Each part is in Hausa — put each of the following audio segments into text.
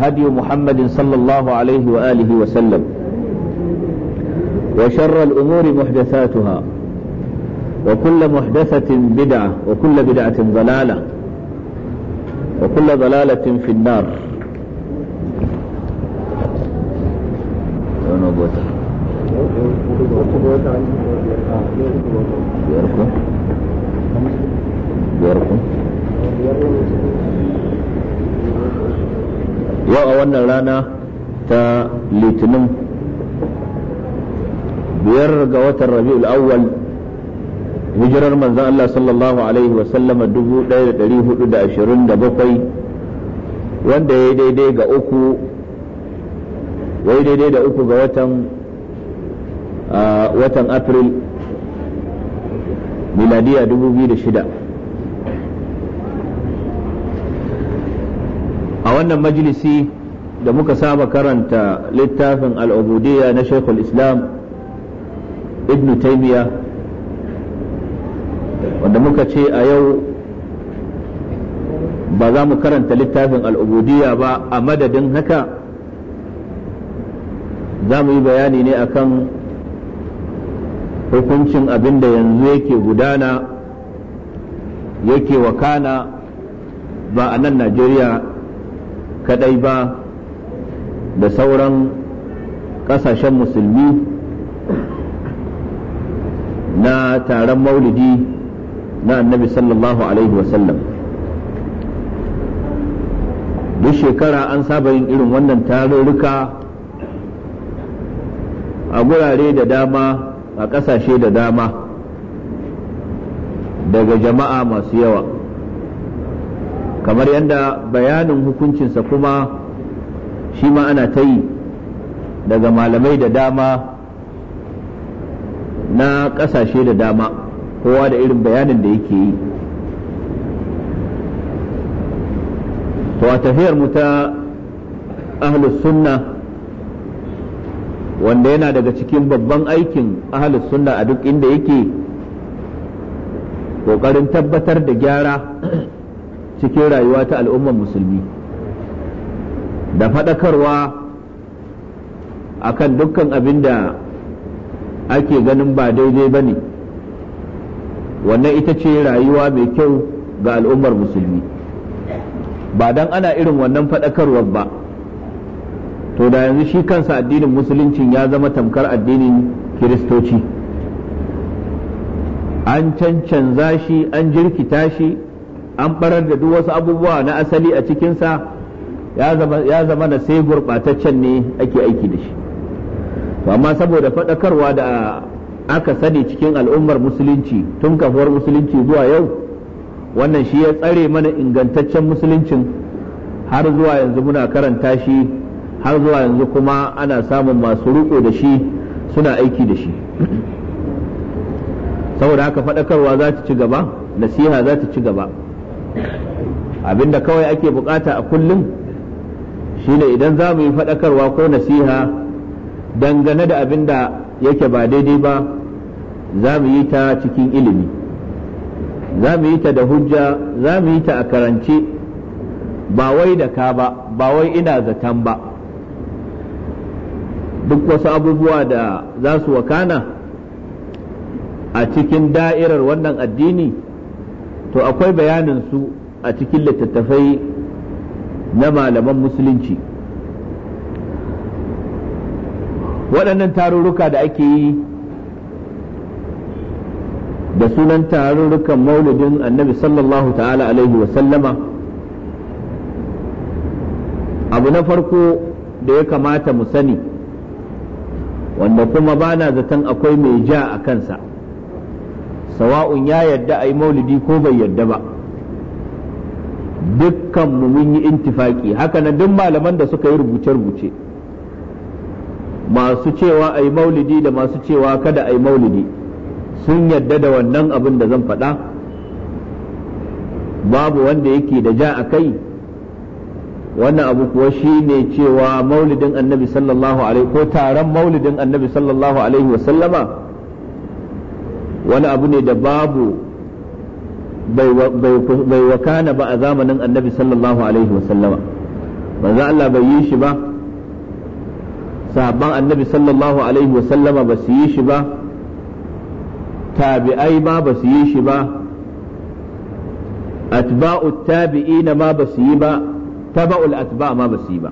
هدي محمد صلى الله عليه وآله وسلم وشر الأمور محدثاتها وكل محدثة بدعة وكل بدعة ضلالة وكل ضلالة في النار بياركم بياركم yau a wannan rana ta litinin biyar ga watan rabi'ul awwal hijirar manzan Allah sallallahu alaihi wasallama 1427 wanda ya daidai ga uku wai daidai da uku ga watan ah, watan april miladiya shida. wannan majalisi da muka saba karanta littafin al'ubudiyya na shekul islam ibn taymiya wanda muka ce a yau ba za mu karanta littafin al'ubudiyya ba a madadin haka za mu yi bayani ne akan hukuncin abin da yanzu yake gudana yake wakana ba a nan najeriya kadai ba da sauran kasashen musulmi na taron maulidi na annabi sallallahu alaihi wasallam duk shekara an saba yin irin wannan tarurruka a gurare da dama a ƙasashe da dama daga jama'a masu yawa kamar yadda bayanin hukuncinsa kuma shi ma ana ta yi daga malamai da dama na ƙasashe da dama kowa da irin bayanin da yake yi to a tafiyar mu ta ahlus sunna wanda yana daga cikin babban aikin ahlus sunna a duk inda yake ƙoƙarin tabbatar da gyara cikin rayuwa ta al'ummar musulmi da faɗakarwa akan dukkan abin da ake ganin ba daidai ba ne wannan ita ce rayuwa mai kyau ga al'ummar musulmi ba don ana irin wannan faɗakarwar ba to da yanzu shi kansa addinin musuluncin ya zama tamkar addinin kiristoci an cancanza shi an jirkita shi an barar da duk wasu abubuwa na asali a cikinsa ya zama da sai gurɓataccen ne ake aiki da shi amma saboda faɗakarwa da aka sani cikin al'ummar musulunci tun kafuwar musulunci zuwa yau wannan shi ya tsare mana ingantaccen musuluncin har zuwa yanzu muna karanta shi har zuwa yanzu kuma ana samun masu riƙo da shi suna aiki da shi saboda haka faɗakarwa za ta ci gaba nasiha za ta ci gaba abinda kawai ake bukata a kullum shine idan za mu yi faɗakarwa ko nasiha dangane da abinda yake ba daidai ba za mu yi ta cikin ilimi za mu yi ta da hujja za mu yi ta a karance ba wai da ka ba ba wai ina zaton ba duk wasu abubuwa da za su wakana a cikin da'irar wannan addini to akwai bayanin su a cikin littattafai na malaman musulunci waɗannan tarurruka da ake yi da sunan tarurrukan maulidin annabi sallallahu ta'ala alaihi sallama abu na farko da ya kamata mu sani wanda kuma bana zaton akwai mai ja a kansa sawa'un ya yadda a yi maulidi ko bai yadda ba dukkan mu mun yi intifaki haka na duk malaman da suka yi rubuce-rubuce masu cewa a yi maulidi da masu cewa kada a yi maulidi sun yadda da wannan abin da zan faɗa babu wanda yake da ja a kai wannan abu kuwa shi ne cewa maulidin annabi sallallahu alaihi ko taron maulidin annabi sallallahu alaihi wasallama wani abu ne da babu bai wakana ba a zamanin annabi sallallahu alaihi wasallama manzo Allah bai yi shi ba sahabban annabi sallallahu alaihi wasallama ba su yi shi ba tabi'ai ma ba su yi shi ba atba'u tabi'ina ma ba su yi ba taba'ul atba ma ba su yi ba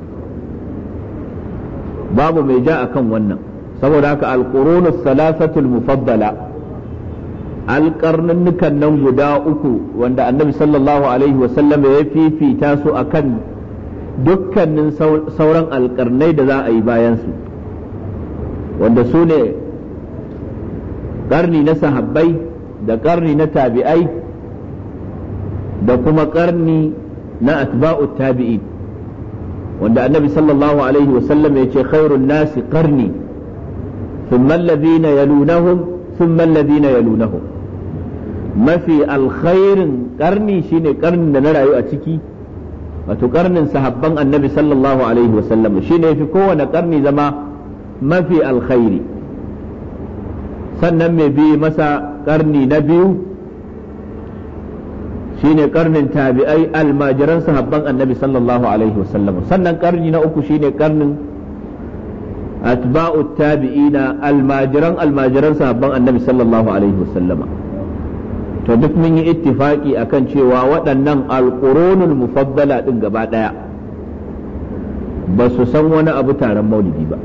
babu mai ja akan wannan saboda haka alqurunus salasatul mufaddala alƙarnunnukan nan guda uku wanda annabi sallallahu alaihi wasallam ya fifita su akan dukkanin sauran alƙarnai da za a yi bayansu wanda su ne ƙarni na sahabbai da ƙarni na tabi'ai da kuma ƙarni na atba'u tabi'in wanda annabi sallallahu alaihi wasallam ya ce khairun nasi ƙarni ثم الذين يلونهم ثم الذين يلونهم mafi alkhairin karni shine karnin da na rayu a ciki wato karnin sahabban annabi sallallahu alaihi wasallam shine yafi kowane karni zama mafi alkhairi sannan mai bi masa karni na biyu shine karnin tabi'ai almajiran sahabban annabi sallallahu alaihi wasallam sannan karni na uku shine karnin atba'u tabi'ina almajiran almajiran sahabban annabi sallallahu alaihi wasallama to duk mun yi ittifaki akan cewa waɗannan alƙuronul mufaddala ɗin gaba ɗaya ba su san wani abu taron maulidi ba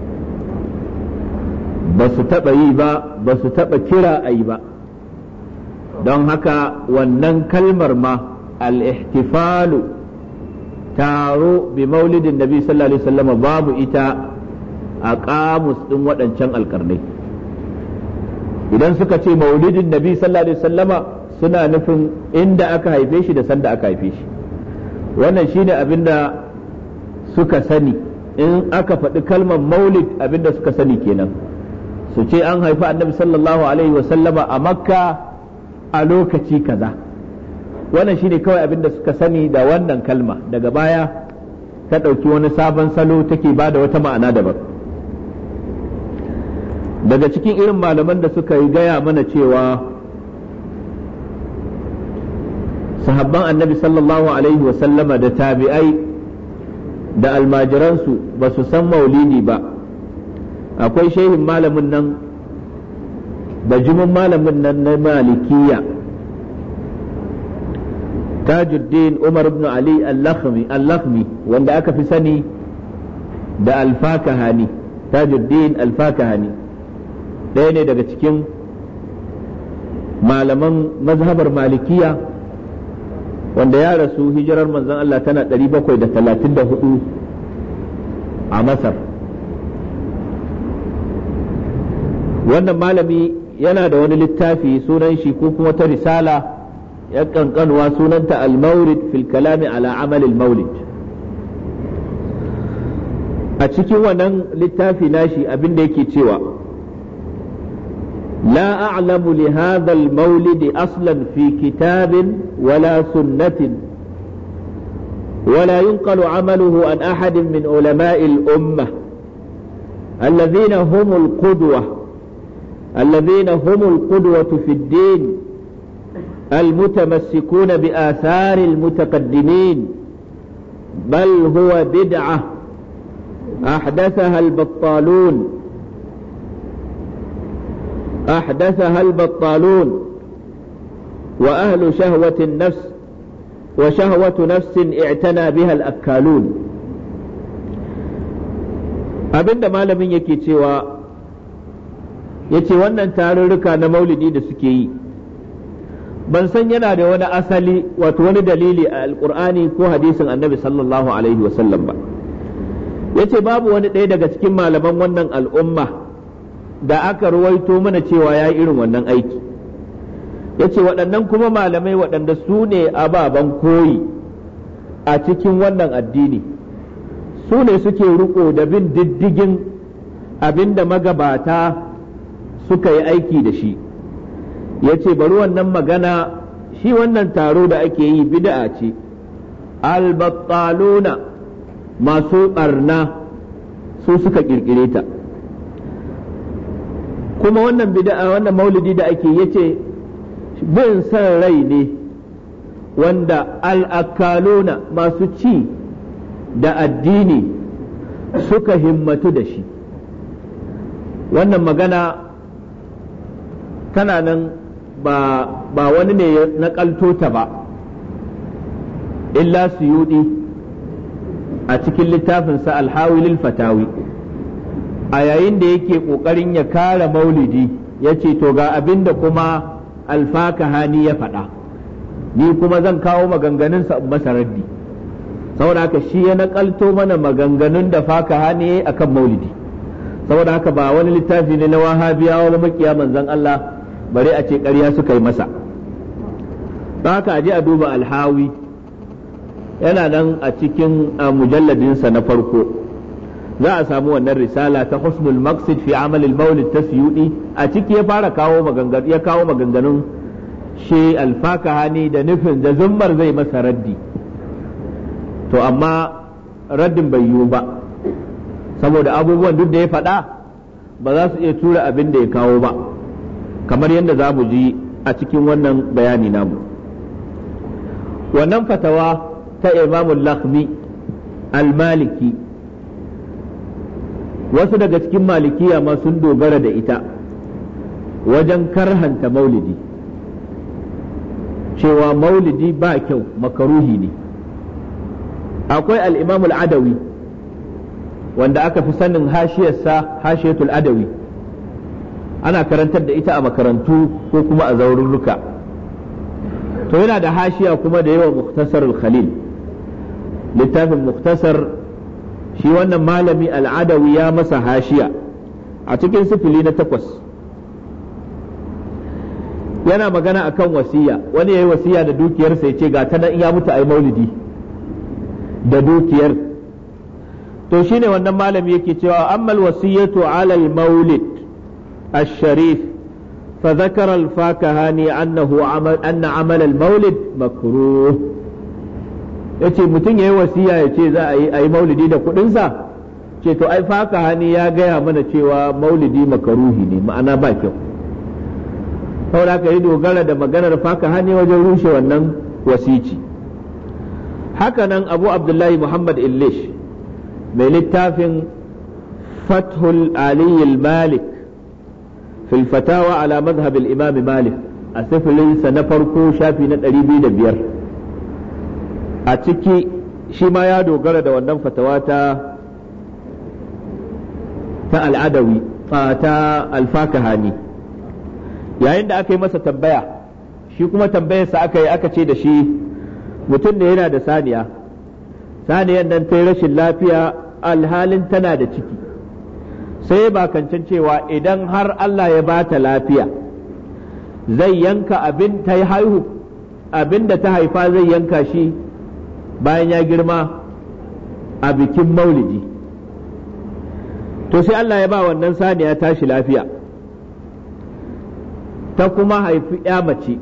ba su taɓa yi ba ba su taɓa kira a yi ba don haka wannan kalmar ma al-ihtifalu taro bi maulidin nabi sallallahu alaihi wasallam babu ita a kamus ɗin waɗancan alƙarnai idan suka ce maulidin nabi sallallahu alaihi wasallama suna nufin inda aka haife shi da sanda aka haife shi wannan shine abin suka sani in aka faɗi kalmar maulid abinda da suka sani kenan su ce an haifi annabi sallallahu alaihi wasallama a makka a lokaci kaza wannan shine kawai abinda suka sani da wannan kalma daga baya ta ɗauki wani sabon salo take ba da wata ma'ana daban daga cikin irin malaman da suka yi gaya mana cewa sahabban annabi sallallahu alaihi wa sallama da tabi'ai da almajiransu ba su san maulidi ba akwai shehin malamin nan bajimin malamin nan na malikiya tajuddin umar ibn ali al wanda aka fi sani da alfakahani tajuddin alfakahani ɗaya ne daga cikin malaman mazhabar malikiya wanda ya rasu hijirar manzon Allah tana 734 a Masar wannan malami yana da wani littafi sunan shi ko kuma ta risala ya kankanwa sunanta al maulid fil kalami ala amal al-maulid a cikin wannan littafi nashi abin da yake cewa لا أعلم لهذا المولد أصلا في كتاب ولا سنة ولا ينقل عمله عن أحد من علماء الأمة الذين هم القدوة الذين هم القدوة في الدين المتمسكون بآثار المتقدمين بل هو بدعة أحدثها البطالون أحدثها البطالون وأهل شهوة النفس وشهوة نفس اعتنى بها الأكالون abinda malamin yake cewa ya ce wannan tarurruka na maulidi da suke yi ban san yana da wani asali wato wani dalili a alkur'ani ko hadisin annabi sallallahu alaihi wasallam ba ya ce babu wani ɗaya daga cikin malaman wannan al'umma da aka ruwaito mana cewa ya yi irin wannan aiki Ya ce waɗannan kuma malamai waɗanda su ne ababen koyi a cikin wannan addini su ne suke riko da bin diddigin abinda magabata suka yi aiki da shi Ya ce bari wannan magana shi wannan taro da ake yi bid'a ce albattaluna masu ɓarna su suka ƙirƙire ta kuma wannan bid'a wannan maulidi da ake yace bin san rai ne wanda al'akalona masu ci da addini suka himmatu da shi wannan magana tana nan ba, ba wani ne na ta ba illa suyudi a cikin littafinsa alhawilil fatawi a yayin da yake ƙoƙarin ya kare maulidi ya ce to ga abin da kuma alfakahani ya faɗa ni kuma zan kawo maganganunsa in masa raddi saboda haka shi ya naƙalto mana maganganun da yi a kan maulidi saboda haka ba wani littafi ne na wahabiyawa wani makiya manzon Allah bari a ce ƙarya suka yi masa ba haka aje a duba alhawi yana nan a cikin mujalladinsa na farko za a samu wannan risala ta husnul maqsid fi amal al-maulid tasyudi a ciki ya fara kawo maganganu ya kawo maganganun shi al-fakahani da nufin da zummar zai masa raddi to amma raddin bai yiwu ba saboda abubuwan duk da ya faɗa ba za su iya tura abin da ya kawo ba kamar yadda za mu ji a cikin wannan bayani namu wannan fatawa ta imamul lakhmi al-maliki wasu daga cikin malikiya ma sun dogara da ita wajen karhanta maulidi cewa maulidi ba kyau makaruhi ne akwai al'imam al'adawi wanda aka fi sanin hashiyarsa hashiyatul adawi ana karantar da ita a makarantu ko kuma a zaururruka to yana da hashiya kuma da yawan muktasar khalil littafin muktasar shi wannan malami al'adawi ya masa hashiya a cikin sifili na takwas yana magana akan wasiya wani ya yi wasiya da dukiyarsa ya ce ga ta nan ya mutu a yi maulidi da dukiyar to shine wannan malami yake cewa ammal wasiyatu alal maulid الشريف فذكر الفاكهاني أنه عمل أن عمل المولد مكروه yace mutum ya yayi wasiya yace za a yi ayi maulidi da kuɗinsa ce to ai faka hani ya gaya mana cewa maulidi makaruhi ne ma'ana ba kyau saboda ka yi dogara da maganar faka hani wajen rushe wannan wasici haka nan abu abdullahi muhammad illish mai littafin fathul aliyu malik fil fatawa ala al imam malik a sifilinsa na farko shafi na 205 a ciki shi ma ya dogara da wannan fatawa ta ta al'adawi ta ne yayin da aka yi masa tambaya shi kuma tambayarsa aka yi aka ce da shi mutum ne yana da saniya saniyan nan ta yi rashin lafiya alhalin tana da ciki sai ba kancan cewa idan har Allah ya ba ta lafiya zai yanka abin ta haihu abin da ta haifa zai yanka shi bayan ya girma a bikin maulidi to sai Allah ya ba wannan saniya tashi lafiya ta kuma haifi ya mace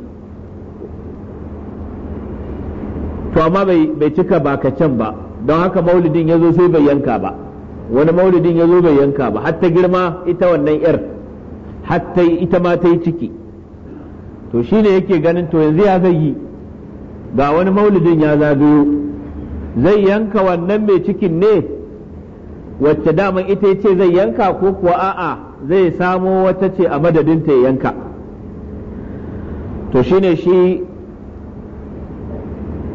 to amma bai cika bakacen ba don haka maulidin ya zo sai bai yanka ba wani maulidin ya zo bai yanka ba hatta girma ita wannan yar hatta ita ma ta yi ciki to shine yake ganin to yanzu ya zai yi ga wani maulidin ya zagayo zai yanka wannan mai cikin ne wacce daman ita ce zai yanka ko kuwa a'a zai samo wata ce a madadinta ya yanka to shine shi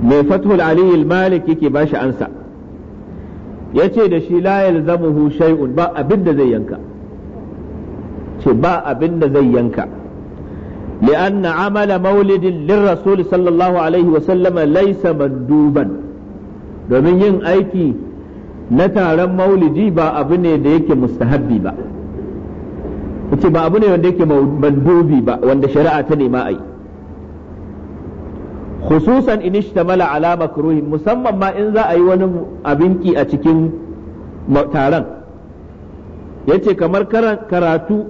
mai fathul aliyu malik yake ba shi ansa ya ce da shi la shay'un ba abin da zai yanka ce ba abin da zai yanka li'anna amala maulidin lirrasul sallallahu alaihi wasallama laisa manduban domin yin aiki na taron maulidi ba abu ne da yake mustahabbi ba yace ba abu ne wanda yake mandubi ba wanda shari'a ta nema ai khususan in ishtamala ala makruhin musamman ma in za a yi wani abinki a cikin taron yace kamar karatu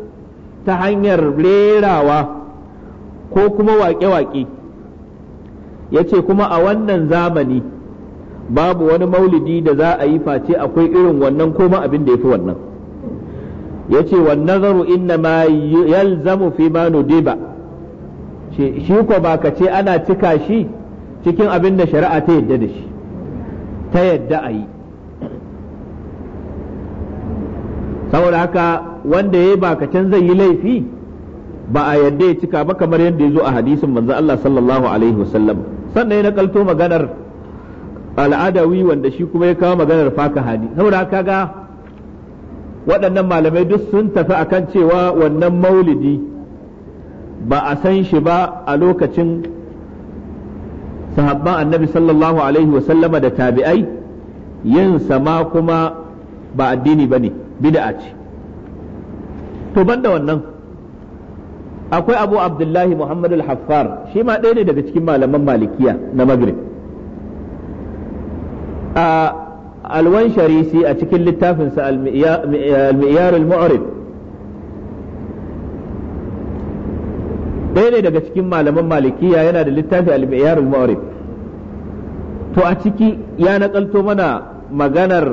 ta hanyar rerawa ko kuma waƙe-waƙe yace kuma a wannan zamani babu wani maulidi da za a yi face akwai irin wannan ko ma abin da yafi wannan yace wan nazaru inna ma yalzamu fi ma nudiba shi ko ba ka ce ana cika shi cikin abin da shari'a ta yadda da shi ta yadda a yi saboda haka wanda ya yi bakacin zai yi laifi ba a yadda ya cika ba kamar yadda ya zo a hadisin manzo Allah sallallahu alaihi wasallam sannan ya nakalto maganar al'adawi wanda shi kuma ya kawo maganar fakahani saboda haka ga waɗannan malamai duk sun tafi akan cewa wannan maulidi ba a san shi ba a lokacin sahabban annabi sallallahu alaihi wasallama da tabi'ai yin sama kuma ba addini ba ne bid'a ce to banda wannan akwai abu abdullahi muhammadu al-haffar shi ma ɗaya ne daga cikin malaman malikiya na maghrib a alwan sharisi a cikin littafinsa al-miyar al muarid ɗaya ne daga cikin malaman malikiya yana da littafi al-miyar al muarid to a ciki ya nakalto mana maganar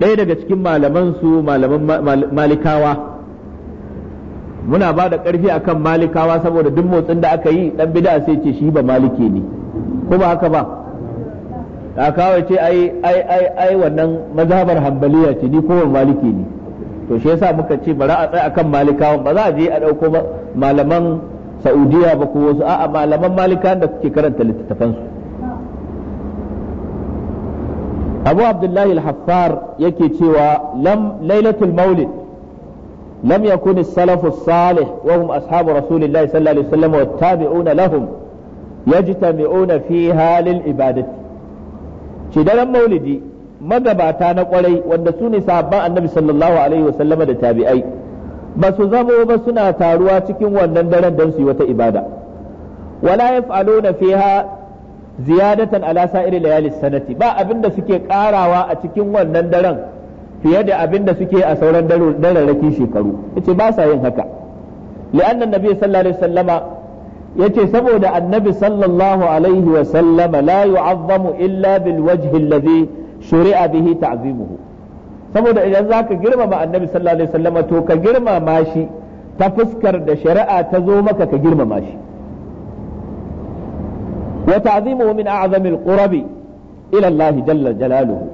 ɗaya daga cikin malaman su malaman malikawa muna ba da ƙarfi akan malikawa saboda duk motsin da aka yi ɗan bida sai ce shi ba maliki ne ko ba haka ba da kawai ce ai ai ai ai wannan mazhabar hanbaliya ce ni ko maliki ne to shi yasa muka ce bara a tsaya akan malikawan ba za a je a dauko malaman saudiya ba ko wasu a'a malaman malikan da kuke karanta littattafan su abu abdullahi al-haffar yake cewa lam lailatul maulid lam yakun as-salafu as-salih wa hum ashabu rasulillahi sallallahu alaihi wasallam wa tabi'una lahum yajtami'una fi lil ibadati ce daren maulidi magabata na kwarai wanda su ne sahabban annabi sallallahu alaihi wasallama da tabi'ai ba su zamo ba suna taruwa cikin wannan daren don su yi wata ibada wala na fiha ziyadatan ala sa'iri layali sanati ba abin da suke karawa a cikin wannan daren fiye da abinda suke a sauran dararrakin shekaru yace ba sa yin haka li'anna nabi sallallahu alaihi wasallama yace saboda annabi sallallahu alaihi wa sallama la yu'azzamu illa bil wajhi alladhi shuri'a bihi ta'zimuhu saboda idan zaka girmama annabi sallallahu alaihi wasallama to ka girmama shi ta fuskar da shari'a ta zo maka ka girmama shi wa ta'zimuhu min a'zami al ila Allah jalla jalaluhu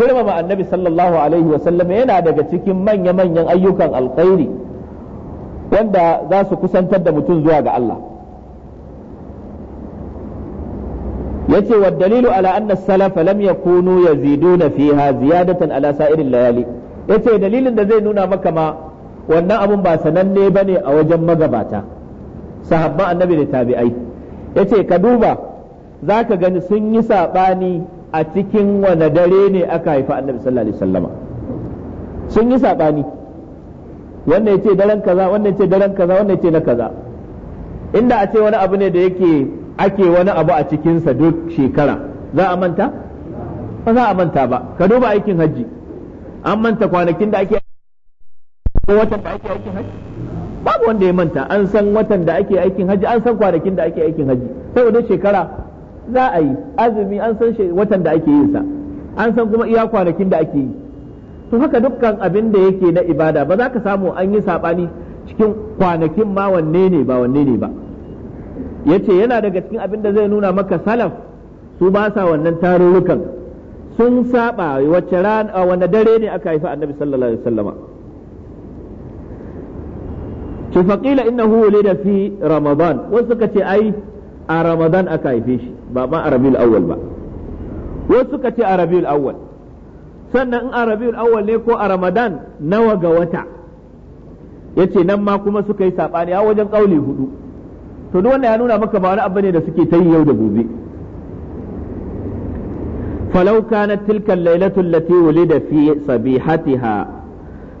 girmama annabi sallallahu alaihi sallama yana daga cikin manya manyan ayyukan alkhairi wanda za su kusantar da mutum zuwa ga Allah yace wa dalilu ala anna salafa lam yakunu yaziduna fiha ziyadatan ala sa'iril layali yace dalilin da zai nuna maka ma wannan abun ba sananne ne a wajen magabata sahabban annabi da tabi'ai yace ka duba zaka gani sun yi sabani a cikin wane dare ne aka haifa annabi sun yi saɓani wannan ce daren kaza wannan yace daren kaza wannan na kaza inda a ce wani abu ne da yake ake wani abu a cikinsa duk shekara za a manta ba za a manta ba ka duba aikin hajji an manta kwanakin da ake ko watan da ake aikin hajji babu wanda ya manta an san watan da ake aikin hajji an san kwanakin da ake aikin hajji saboda shekara za a yi azumi an san watan da ake yinsa sa an san kuma iya kwanakin da ake yi to haka dukkan abin da yake na ibada ba za ka samu an yi saɓani cikin kwanakin ma wanne ne ba wanne ne ba yace yana daga cikin abin da zai nuna maka salaf su ba sa wannan tarurrukan sun saba wacce rana wanda dare ne aka haifi annabi sallallahu alaihi wasallama to faqila innahu wulida fi ramadan wasu suka ce ai a ramadan aka haife shi ba ma a rabiul awwal ba wasu suka ce a rabiul awwal sannan in a rabiul awwal ne ko a ramadan nawa ga wata yace nan ma kuma suka yi sabani a wajen kauli hudu to duk ya nuna maka ba wani abu ne da suke ta yi yau da gobe falau kanat tilka lailatu allati wulida fi sabihatiha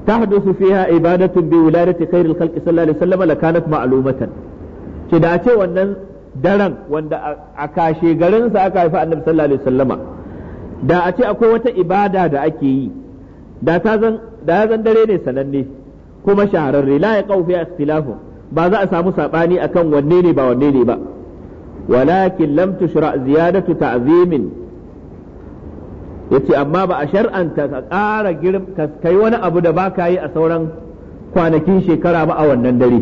tahdusu fiha ibadatu bi wuladati khairil khalqi sallallahu alaihi wasallam lakanat ma'lumatan ce da a ce wannan daren wanda a kashe garinsa aka haifi annabi sallallahu alaihi wasallama da a ce akwai wata ibada da ake yi da ta zan da ya zan dare ne sananne kuma shahararre la ya a ikhtilafu ba za a samu a akan wanne ne ba wanne ne ba walakin lam tushra ziyadatu ta'zimin yace amma ba a shar'anta ka ƙara girm ka yi wani abu da baka yi a sauran kwanakin shekara ba a wannan dare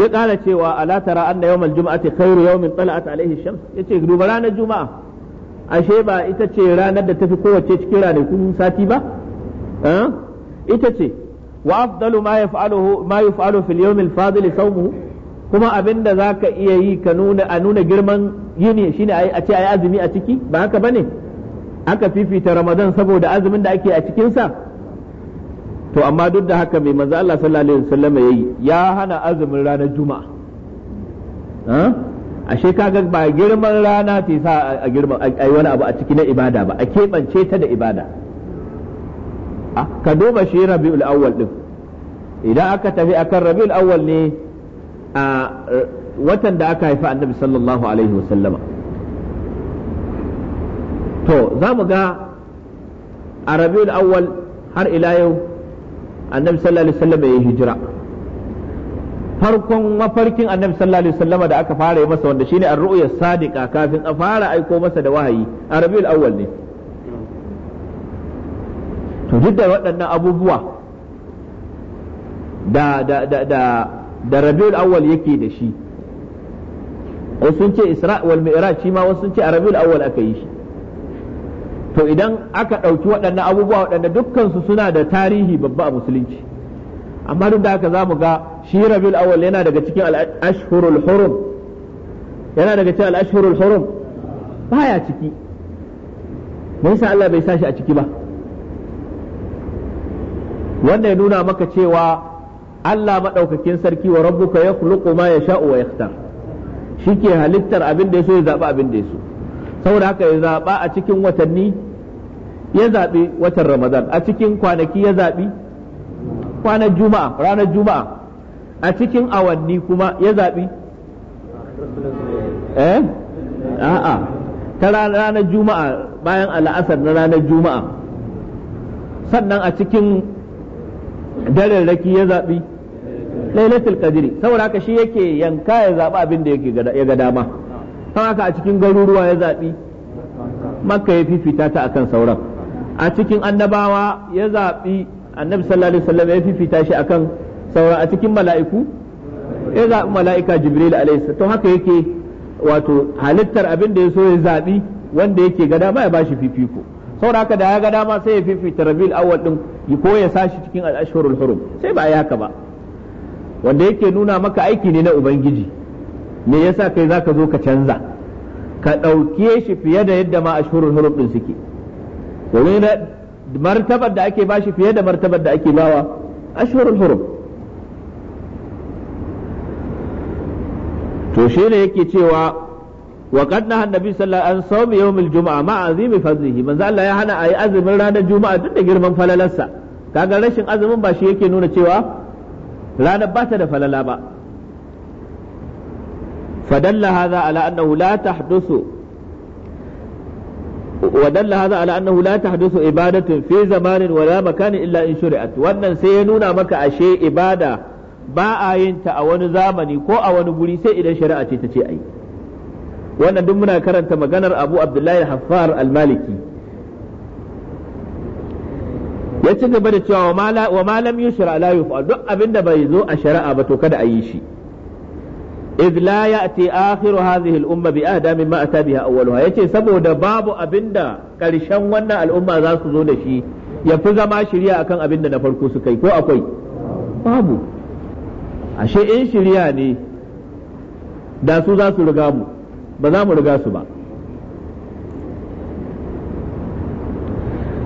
ya ƙara cewa ala tara anna yawmal jum'ati khairu yawmin tala'at alaihi shams yace duba ranar juma'a ashe ba ita ce ranar da tafi kowace cikin ranakun sati ba eh? ita ce wa afdalu ma yaf'aluhu ma yaf'alu fil yawm al fadil sawmuhu kuma zaka iya yi ka a nuna girman gini shine a ce ayi azumi a ciki ba haka bane aka fifita ramadan saboda azumin da ake a cikinsa? sa to amma duk da haka mai manzo Allah sallallahu alaihi wasallam yayi ya hana azumin ranar juma'a ashe kaga ba girman rana ce sa a girman ai wani abu a ciki na ibada ba a keɓance ta da ibada ka duba shi rabi'ul awwal din idan aka tafi akan rabi'ul awwal ne a watan da aka haifa annabi sallallahu alaihi wasallama to za mu ga a rabi'ul awwal har ila yau annabi sallallahu alaihi wasallama ya hijira farkon mafarkin annabi sallallahu alaihi wasallama da aka fara yi masa wanda shine ar-ru'ya sadiqa kafin a fara aiko masa da wahayi a rabi'ul awwal ne to duk da waɗannan abubuwa da da da da da rabiul awwal yake da shi wasu sun ce isra wal mi'raj shi ma wasu sun ce a rabiul awwal aka yi shi to idan aka ɗauki waɗannan abubuwa waɗanda dukkansu suna da tarihi babba a musulunci amma duk da haka za mu ga shi rabiul awwal yana daga cikin al-ashhurul hurum yana daga cikin al-ashhurul hurum baya ciki me yasa Allah bai sa shi a ciki ba wanda ya nuna maka cewa Allah maɗaukakin sarki wa rabbuka ya khuluqu ma ya sha'o wa yakhtar ke halittar abin da yaso ya zaba abin da yaso saboda haka ya zaɓa a cikin watanni ya zaɓi watan Ramadan a cikin kwanaki ya zaɓi kwanan Juma'a ranar Juma'a a cikin awanni kuma ya zaɓi eh a'a ta ranar Juma'a bayan al'asar na ranar Juma'a sannan a cikin daren raki ya zaɓi lailatul qadri saboda haka shi yake yanka ya zaɓi abin da yake ya ga dama saboda haka a cikin garuruwa ya zaɓi makka ya fifita ta akan sauran a cikin annabawa ya zaɓi annabi sallallahu alaihi wasallam ya fifita shi akan sauran a cikin mala'iku ya zaɓi mala'ika jibril alaihi to haka yake wato halittar abin da ya so ya zaɓi wanda yake ga dama ya bashi fifiko saboda haka da ya ga dama sai ya fifita rabil awal din ko ya sashi cikin al-ashhurul hurum sai ba ya ka ba wanda yake nuna maka aiki ne na ubangiji me yasa kai zaka zo ka canza ka dauke shi fiye da yadda ma ashhurul hurum din suke domin martabar da ake bashi fiye da martabar da ake bawa ashhurul hurum to shine yake cewa wa qad naha annabi sallallahu alaihi wasallam an sawmi yawmil juma'a ma azimi fadlihi manzo Allah ya hana yi azumin ranar juma'a duk da girman falalarsa kaga rashin azumin ba yake nuna cewa ranar ba ta da falala ba fadalla hadha ala annahu la tahdusu ودل هذا على أنه لا تحدث إبادة في زمان ولا مكان إلا إن شرعت وأن سينونا ba a yin ta a wani zamani ko a wani guri sai idan shari'a ce ta ce ai wannan duk muna karanta maganar abu abdullahi haffar Almaliki. ya ci gaba da cewa wa malam yushra la yufa duk abinda bai zo a shari'a ba to kada a yi shi idh la ya'ti akhiru hadhihi al-umma bi ahda mimma ata biha awwaluha yace saboda babu abinda karshen wannan al'umma za su zo da shi ya fi zama shirya akan abinda na farko suka kai ko akwai babu ashe in shiriya ne da su za su riga mu ba za mu riga su ba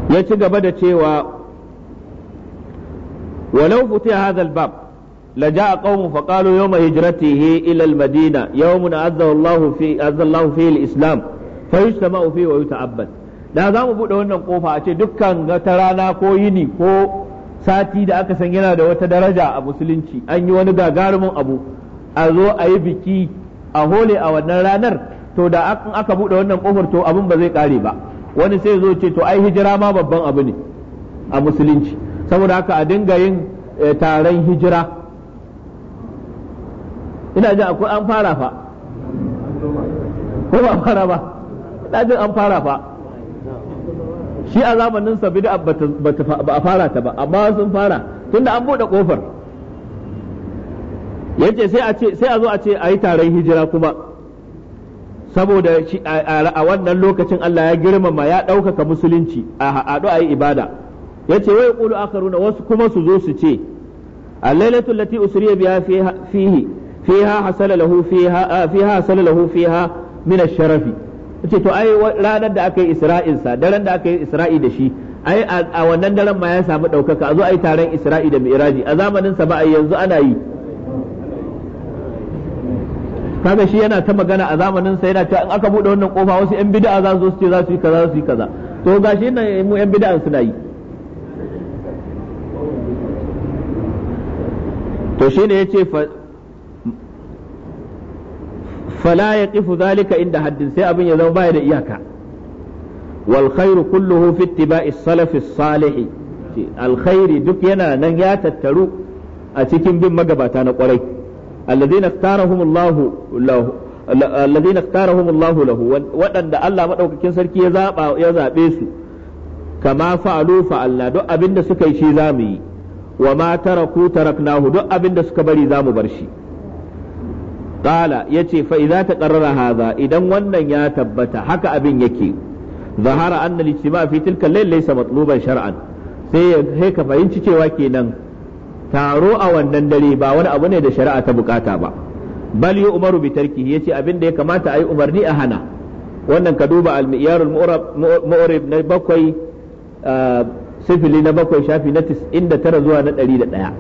ya ci gaba da cewa walau futiha hadha a bab لجاء قوم فقالوا يوم هجرته إلى المدينة يوم عزه الله في عز الله فيه الإسلام فيجتمع فيه ويتعبد da za mu buɗe wannan kofa a ce dukkan ta rana ko yini ko sati da aka san yana da wata daraja a musulunci an yi wani gagarumin abu a zo a yi biki a hole a wannan ranar to da aka buɗe wannan kofar to abin ba zai kare ba wani sai zo ce to ai hijira ma babban abu ne a musulunci saboda haka a dinga yin eh, taron hijira ina jin akwai an fara fa ko ba fara ba ina jin an fara fa shi a zamanin sabida bid'a ba a fara ta ba amma sun fara tunda an buɗe kofar yace sai a ce sai a zo a ce ayi taron hijira kuma saboda a wannan lokacin Allah ya girmama ya ɗaukaka musulunci a haɗu a yi ibada yace wai qulu akharuna wasu kuma su zo su ce al-lailatu allati usriya biha fihi fiha hasala lahu fiha fiha hasala lahu fiha min ash-sharafi yace to ai ranar da aka yi isra'il sa daren da aka yi isra'i da shi ai a wannan daren ma ya samu ɗaukaka a zo a yi taron isra'i da mi'raji a zamanin sa ba yanzu ana yi ka ga shi yana ta magana a zamanin sa yana in aka bude wannan kofa wasu yan bid'a za su ce za yi kaza za su yi kaza to gashi nan mu yan bid'a suna yi to shine yace fa fala yaqifu zalika inda haddin sai abin ya zama baya da iyaka wal khairu kulluhu fi ittiba'i salafi salih alkhairi duk yana nan ya tattaru a cikin bin magabata na kwarai alladhina ikhtarahum Allah lahu alladhina Allah lahu sarki ya zaba ya zabe su kama fa'alu fa'alna duk abinda suka yi shi zamu yi wa ma taraku taraknahu duk abinda suka bari zamu bar shi qala ce fa idza taqarrara hadha idan wannan ya tabbata haka abin yake zahara anna al-ijtima' fi tilka al-layl shar'an sai ka fahimci cewa kenan taro a wannan dare ba wani abu ne da shari'a ta bukata ba bal yu umaru bi tarki ce abin da ya kamata ayi umarni a hana wannan ka duba al murib na bakwai uh, sifili na bakwai shafi na tara zuwa na ya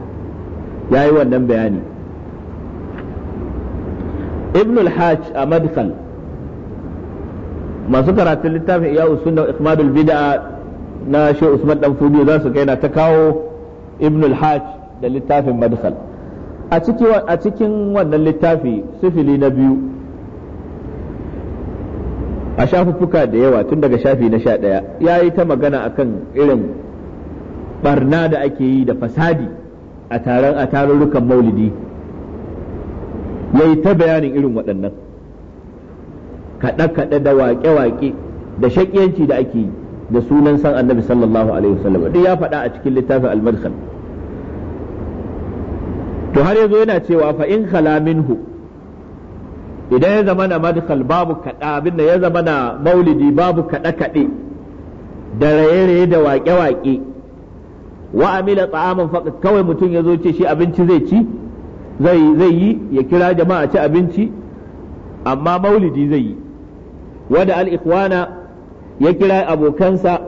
yayi wannan bayani ibn hajj a madkhal masu karatun littafin iya sunna ikmadul bid'a na shi usman dan fudu za su kai na ta kawo ibnul hajj da littafin madkhal a cikin wannan littafi sifili na biyu a shafuffuka da yawa tun daga shafi na sha ɗaya ya yi ta magana akan irin barna da ake yi da fasadi a taron a tarurrukan maulidi ya yi ta bayanin irin waɗannan kaɗe-kaɗe da waƙe-waƙe da shaƙiyanci da ake yi da sunan san annabi sallallahu alaihi wasallam duk ya faɗa a cikin littafin al-madkhal to har yazo yana cewa fa in khala minhu idan ya zama na madkhal babu kada abin da ya zama na maulidi babu kada kade da raye-raye da waƙe-waƙe wa amila ta'aman fa kawai mutum yazo ce shi abinci zai ci zai zai yi ya kira jama'a ci abinci amma maulidi zai yi wada al-ikhwana ya kira abokansa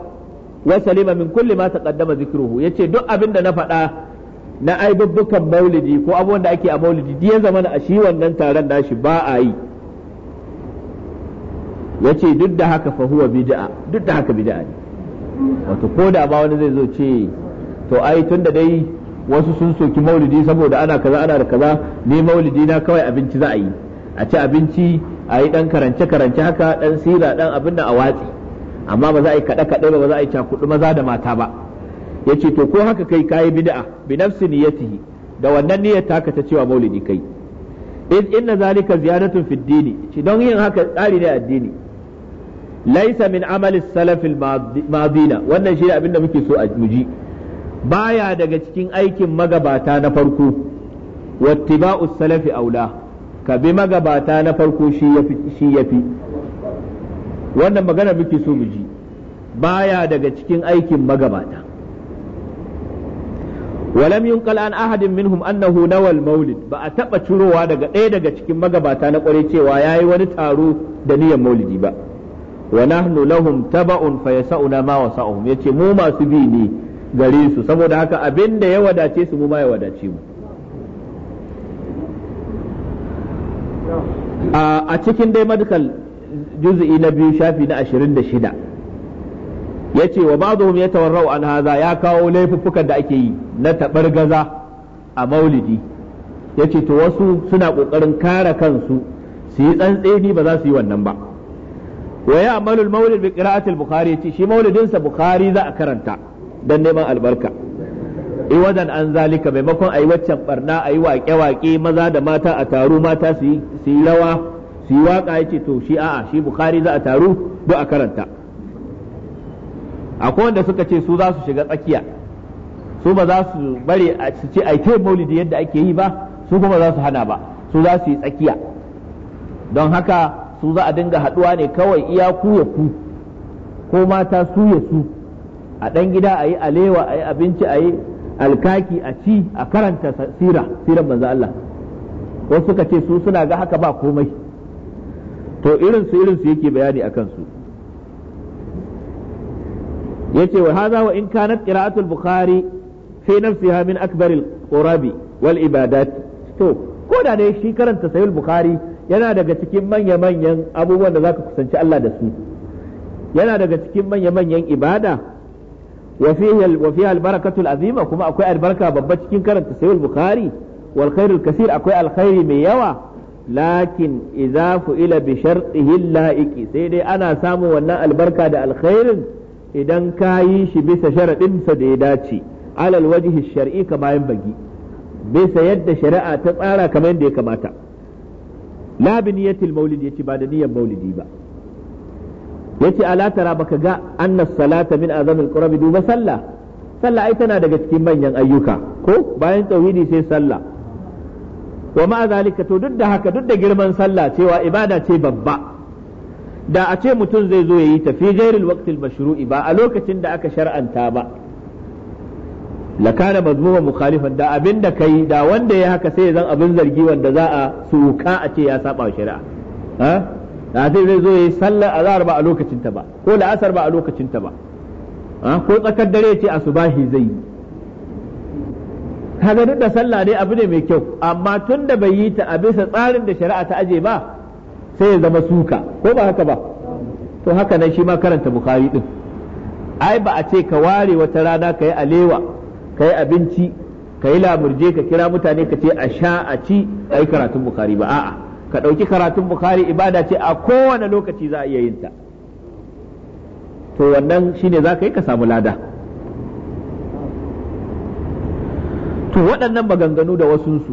wa salima min kulli ma taqaddama zikruhu yace duk abin da na faɗa na aibubbukan maulidi ko abubuwan da ake a maulidi diya zama a shi wannan taron nashi ba a yi yace duk da haka fa huwa bid'a duk da haka bid'a ne wato ko da ba wani zai zo ce to ai tunda dai wasu sun soki maulidi saboda ana kaza ana da kaza ne maulidi na kawai abinci za a yi a ci abinci a yi dan karance karance haka dan sira dan abin a watsi amma ba za a yi kaɗe kaɗe ba ba za a yi cakuɗu maza da mata ba yace to ko haka kai kayi bid'a bi nafsi niyyatihi da wannan niyyar taka ta cewa maulidi kai in inna zalika ziyadatun fi dini ci don yin haka tsari ne addini laysa min amali salafil madina wannan shi ne abinda muke so a muji baya daga cikin aikin magabata na farko wattiba'u salafi aula ka bi magabata na farko shi yafi shi yafi wannan magana muke so mu ji baya daga cikin aikin magabata ولم ينقل عن annahu منهم Maulid ba a taɓa شروع daga ɗaya daga cikin magabata na kwarai cewa yayi wani taro da niyyar maulidi ba wa nahnu lahum taba'un fa yasa'una ma wasa'uhum yace mu masu bi ne gare su saboda haka abin da ya wadace su mu ma ya wadace mu a cikin dai madkal juz'i na biyu shafi na 26 yace wa ya yatawarrau an hadha ya kawo laifuffukan da ake yi na tabar gaza a maulidi yace to wasu suna kokarin kare kansu su yi tsantseni ba za su yi wannan ba wa ya amalul maulid bi qira'ati yace shi maulidin sa bukhari za a karanta dan neman albarka iwadan an zalika maimakon ayi waccan barna ayi waƙe-waƙe maza da mata a taru mata su yi rawa su yi waka yace to shi a'a shi bukhari za a taru duk a karanta akwai wanda suka ce su za su shiga tsakiya su ba za su bare a ce a kai maulidi yadda ake yi ba su kuma za su hana ba su za su yi tsakiya don haka su za a dinga haduwa ne kawai iya ku ya ku ko mata su ya su a dan gida a yi alewa a yi abinci a yi alkaki a ci a karanta sira siran manzo Allah wasu suka ce su suna ga haka ba komai to irinsu irinsu irin su yake bayani a kansu. yace wa hadha wa in kanat qira'atu al-bukhari fi nafsiha min akbar al-qurabi wal ko da shi karanta sahih bukhari yana daga cikin manya manyan abubuwan da zaka kusanci Allah da su yana daga cikin manya manyan ibada wa fihi barakatu azima kuma akwai albarka babba cikin karanta sayul bukhari wal khair akwai alkhairi mai yawa lakin idza fu'ila bi shartihi la'iki sai dai ana samun wannan albarka da alkhairin idan ka yi shi bisa sharaɗinsa da ya dace alal wajihi shar'i kama yin bagi bisa yadda shari'a ta tsara kamar yadda ya kamata la bi niyyatil maulidi yace ba da niyyar maulidi ba yace ala tara baka ga anna salata min azamil qurbi duba sallah sallah ai tana daga cikin manyan ayyuka ko bayan tauhidi sai sallah wa ma zalika to duk da haka duk da girman sallah cewa ibada ce babba da a ce mutum zai zo yayi ta fi ghairil waqtil mashru'i ba a lokacin da aka shar'anta ba lakana mazmuma mukhalifan da abin da kai da wanda ya haka sai zan abin zargi wanda za a suka a ce ya saba shari'a ha da sai zai zo ya yi sallar azhar ba a lokacin ta ba ko la'asar ba a lokacin ta ba ko tsakar dare ce asubahi zai yi kaga duk da sallah ne abu ne mai kyau amma tun da bai yi ta a bisa tsarin da shari'a ta aje ba sai ya zama suka ko ba haka ba to haka nan shi ma karanta bukhari din ai ba a ce ka ware wata rana ka yi alewa ka yi abinci ka yi lamurje ka kira mutane ka ce a sha a ci a yi karatun bukhari ba a'a ka ɗauki karatun bukhari ibada ce a kowane lokaci za a iya yin ta to wannan shine za ka yi ka samu lada to waɗannan maganganu da wasunsu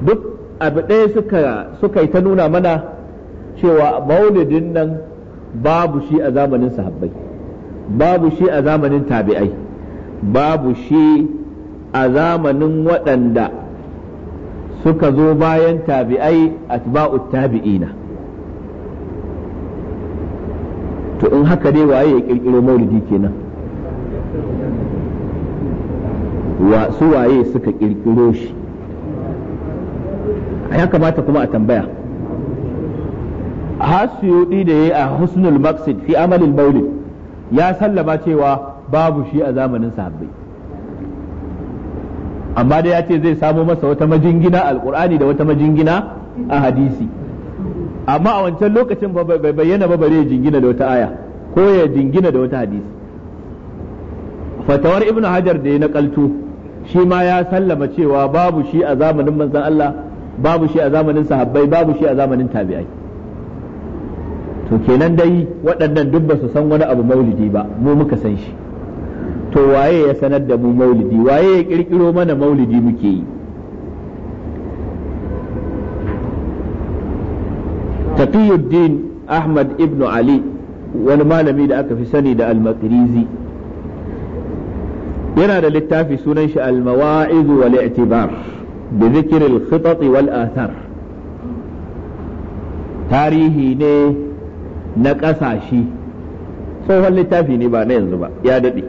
duk abu ɗaya suka suka yi ta nuna mana cewa maulidin nan babu shi a zamanin sahabbai babu shi a zamanin tabi'ai babu shi a zamanin waɗanda suka zo bayan tabi'ai atba'u tabi'ina to in haka dai waye ya ƙirƙiro maulidi kenan wa su waye suka ƙirƙiro shi ya kamata kuma a tambaya hasuyudi da ya yi a husnul maksid fi amalin maulid ya sallama cewa babu shi a zamanin sahabbai amma da ya ce zai samo masa wata majingina alkur'ani da wata majingina a hadisi amma a wancan lokacin bai bayyana ba bare ya jingina da wata aya ko ya jingina da wata hadisi fatawar ibnu hajar da ya nakaltu shi ma ya sallama cewa babu shi a zamanin manzon Allah babu shi a zamanin sahabbai babu shi a zamanin tabi'ai to kenan dai waɗannan duk ba su san wani abu maulidi ba mu muka san shi to waye ya sanar da mu maulidi waye ya kirkiro mana maulidi muke yi taqiyuddin ahmad ibnu ali wani malami da aka fi sani da al yana da littafi sunan shi al-mawa'iz wal i'tibar bi zikril khitat wal tarihi ne na ƙasashe tsohon littafi ne ba na yanzu ba ya daɗe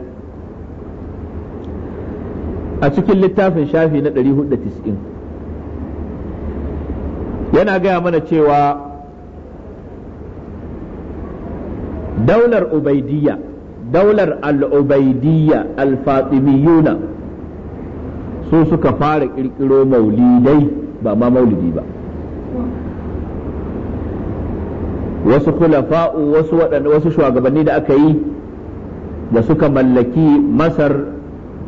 a cikin littafin shafi na 490 yana gaya mana cewa daular ubaidiyya daular al-ubaidiyya al-fatimiyuna su suka fara kirkiro maulidai ba ma maulidi ba wasu kulafa'u wasu wasu shugabanni da aka yi da suka mallaki masar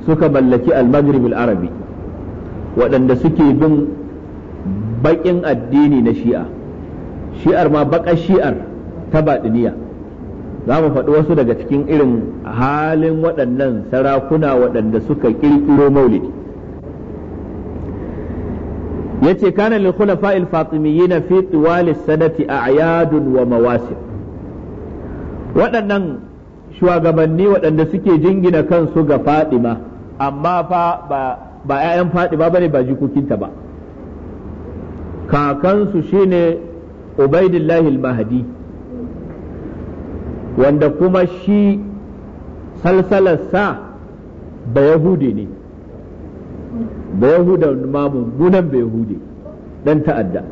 suka mallaki al arabi waɗanda suke bin baƙin addini na shi'a shi'ar ma baƙar shi'ar ta baɗiniya za mu faɗi wasu daga cikin irin halin waɗannan sarakuna waɗanda suka ƙirƙiro maulidi yace kana lil khulafa al fatimiyyin fi tiwal sanati a'yadun wa mawasim waɗannan shugabanni waɗanda suke jingina kansu ga Fatima amma fa ba ba ƴaƴan Fatima bane ba jikokinta ba kakansu shine Ubaidillahi al-Mahdi wanda kuma shi salsalarsa ba Yahudi ne ba yahuda ma mummunan ba hude dan ta'adda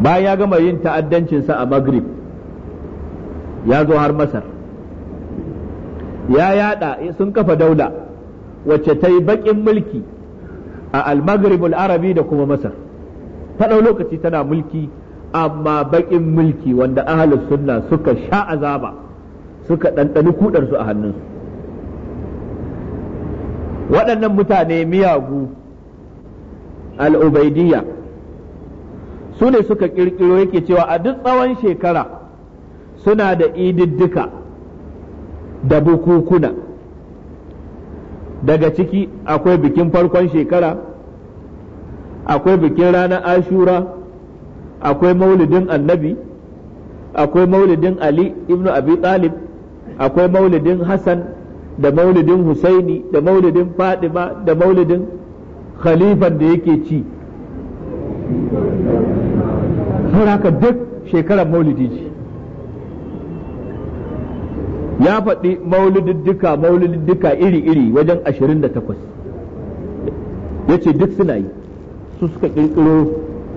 bayan ya gama yin ta'addancinsa a maghrib ya zo har masar ya yada sun kafa daula wacce ta yi bakin mulki a almagribul arabi da kuma masar ta ɗau lokaci tana mulki amma bakin mulki wanda ahalus sunna suka sha azaba suka ɗanɗani kudarsu a hannunsu waɗannan mutane miyagu al'ubaidiyya su ne suka ƙirƙiro yake cewa a duk tsawon shekara suna da ididdika da bukukuna daga ciki akwai bikin farkon shekara akwai bikin ranar ashura akwai maulidin annabi akwai maulidin ali ibnu abi talib akwai maulidin hassan da maulidin husaini da maulidin fadima da maulidin khalifan da yake ci haka duk shekarar maulidi ce ya faɗi maulididduka duka iri-iri wajen 28 ya ce duk suna yi su suka ƙirƙiro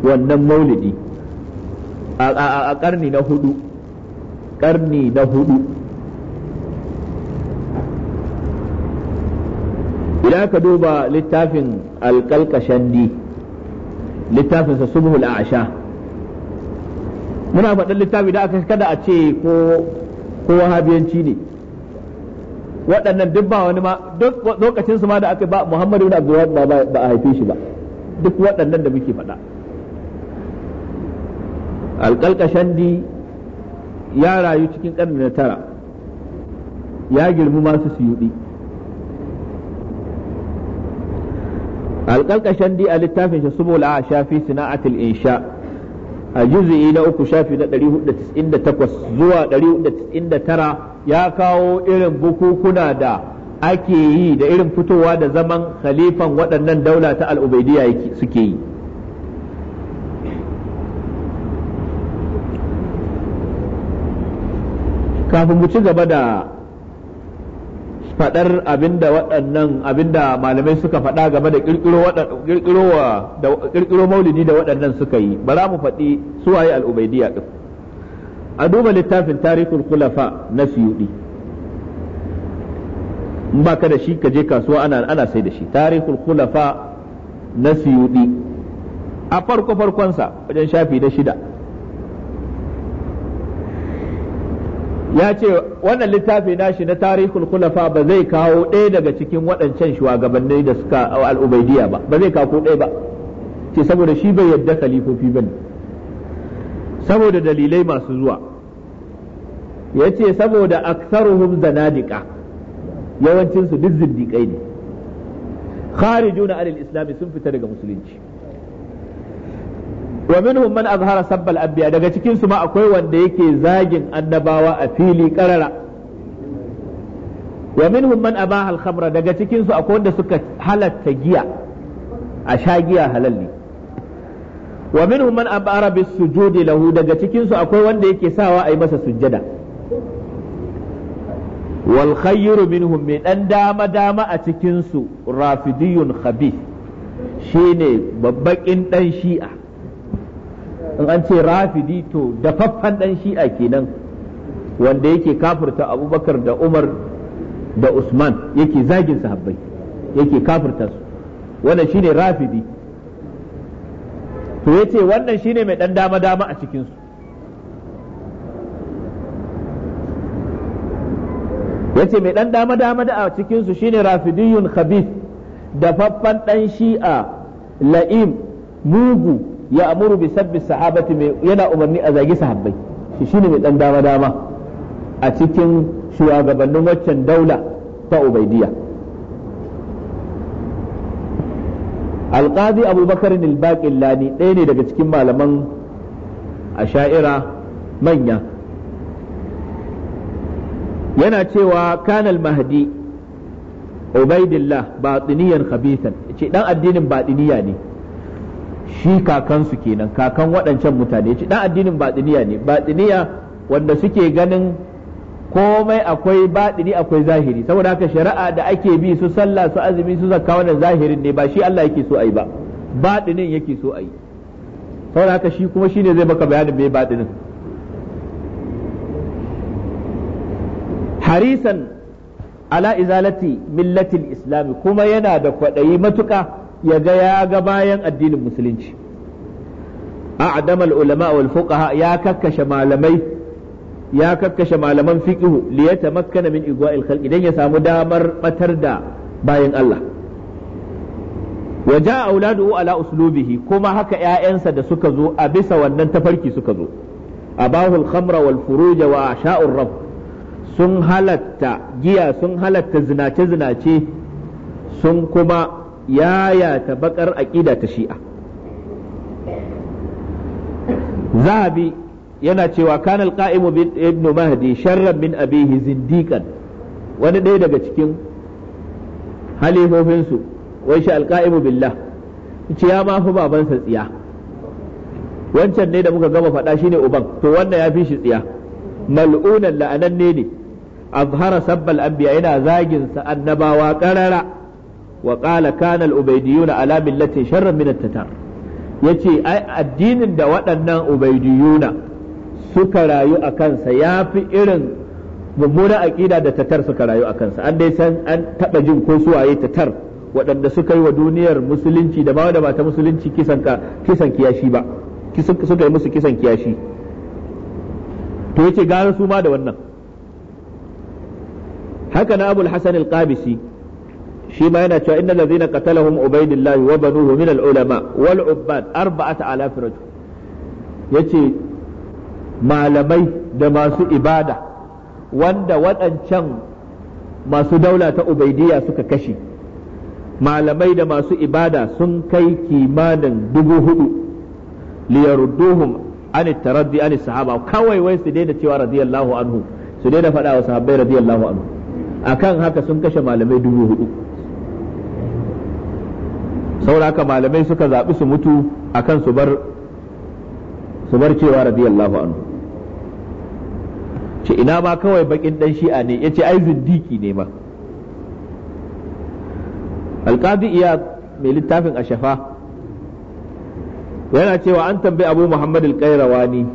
wannan maulidi a ƙarni na hudu ƙarni na hudu idan ka duba littafin alƙalƙashandi littafinsa subuhu a'sha muna faɗin littafi da aka kada a ce ko ko wahabiyanci ne waɗannan duk ba wani ma duk lokacin su ma da aka ba Muhammadu ibn abdullahi ba ba a haife shi ba duk waɗannan da muke faɗa alƙalƙashandi ya rayu cikin ƙarni na tara ya girmi masu suyuɗi alƙalƙashen di a littafin shi subul a shafi sina'atul insha a juzu'i na uku shafi na 498 zuwa 499 ya kawo irin bukukuna da ake yi da irin fitowa da zaman khalifan waɗannan daula ta al'ubaidiyya suke yi kafin mu ci gaba da faɗar abinda waɗannan abinda malamai suka faɗa game da ƙirƙiro maulidi da waɗannan suka yi bara mu faɗi suwaye al'ubaidiyya ɗin a duba littafin tarihul kulafa na suyuɗi in baka da shi ka je kasuwa ana ana sai da shi tarihul kulafa na suyuɗi a farko farkonsa wajen shafi da shida ya ce wannan littafi shi na tarihul khulafa ba zai kawo ɗaya daga cikin waɗancan shugabanni da suka al'ubaidiyya ba ba zai kawo ɗaya ba ce saboda shi bai yadda khalifofi ba ne saboda dalilai masu zuwa ya ce saboda aksaruhum zanadika yawancinsu duk zindiƙai ne kharijuna alil islami sun fita daga musulunci wa minhum man azhara sabbal anbiya daga cikin ma akwai wanda yake zagin annabawa a fili karara wa minhum man abaha al daga cikin akwai wanda suka halatta giya a sha giya halal ne wa minhum man abara bis sujudi lahu daga akwai wanda yake sawa a yi masa sujjada wal khayru mai dan dama dama a cikinsu rafidiyun habis shine babbakin ɗan shi'a in an ce rafidi to dafaffan dan shi'a kenan wanda yake kafirta abubakar da umar da usman yake zagin sahabbai yake kafirta su wannan shine rafidi to yace wannan shine mai dan dama dama a cikin su yace mai dan dama dama da a cikin su shine rafidiyun khabith dafaffan dan shi'a la'im mugu ya amuru bi sabbi sahabati mai yana umarni a zagi sahabbai shi shine mai dan dama dama a cikin shugabannin waccan daula ta ubaidiya alqadi abubakar al-baqillani ɗaya ne daga cikin malaman asha'ira manya yana cewa kanal mahdi ubaidillah batiniyan khabithan ce dan addinin batiniya ne shi kakansu kenan kakan waɗancan mutane ci dan addinin batiniya ne batiniya wanda suke ganin komai akwai batini akwai zahiri saboda haka shari'a da ake bi su sallah su azumi su zakka wannan zahirin ne ba shi Allah yake so ayi ba batinin yake so ayi saboda haka shi kuma shine zai maka bayanin me batinin harisan ala izalati millatil islam kuma yana da kwaɗayi matuƙa ya ga ya ga bayan addinin musulunci a'dama al-ulama wal fuqaha ya kakkashe malamai ya kakkashe malaman fiqh li yatamakkana min igwa'il khalq idan ya samu damar batar da bayan Allah waja auladuhu ala uslubihi kuma haka ƴaƴansa da suka zo a bisa wannan tafarki suka zo abahu al-khamra wal furuja wa asha'ur rabb sun halatta giya sun halatta zinace zinace sun kuma yaya ta bakar aƙida ta shi'a zahabi yana cewa kana alqa'imu bin ibn mahdi sharran min abihi zindiqan wani ɗaya daga cikin halifofinsu wai shi alqa'imu billah ce ya ma fi babansa tsiya wancan ne da muka gama faɗa shine uban to wannan ya fi shi tsiya mal'unan la'ananne ne azhara sabbal anbiya yana zagin sa annabawa ƙarara. Waƙala kanal kana al-ubaydiyuna ala millatin tatar yace ai addinin da waɗannan ubaidiyuna suka rayu a kansa fi irin mummuna aqida da tatar suka rayu a kansa an dai an taba jin ko suwaye tatar waɗanda suka yi wa duniyar musulunci da ba da ba ta musulunci kisan kiyashi ba suka yi musu kisan kiyashi to yace gara suma da wannan haka na abul al-qabisi shi ma yana cewa innal ladzina qatalahum ubaidillah wa banuhu min al ulama wal ubbad arba'ata alaf rajul yace malamai da masu ibada wanda waɗancan masu daula ta ubaidiya suka kashe malamai da masu ibada sun kai kimanin dubu hudu liyarudduhum an taraddi an sahaba kawai wai su daina cewa radiyallahu anhu su daina faɗa wa sahabbai radiyallahu anhu akan haka sun kashe malamai dubu hudu ka malamai suka zaɓi su mutu a kan su bar cewa radiyallahu anhu ce ina ma kawai bakin ɗan shi'a ne yace ai zindiki ne ma alqadi iya mai littafin ashafa yana cewa an tambayi abu muhammad alqairawani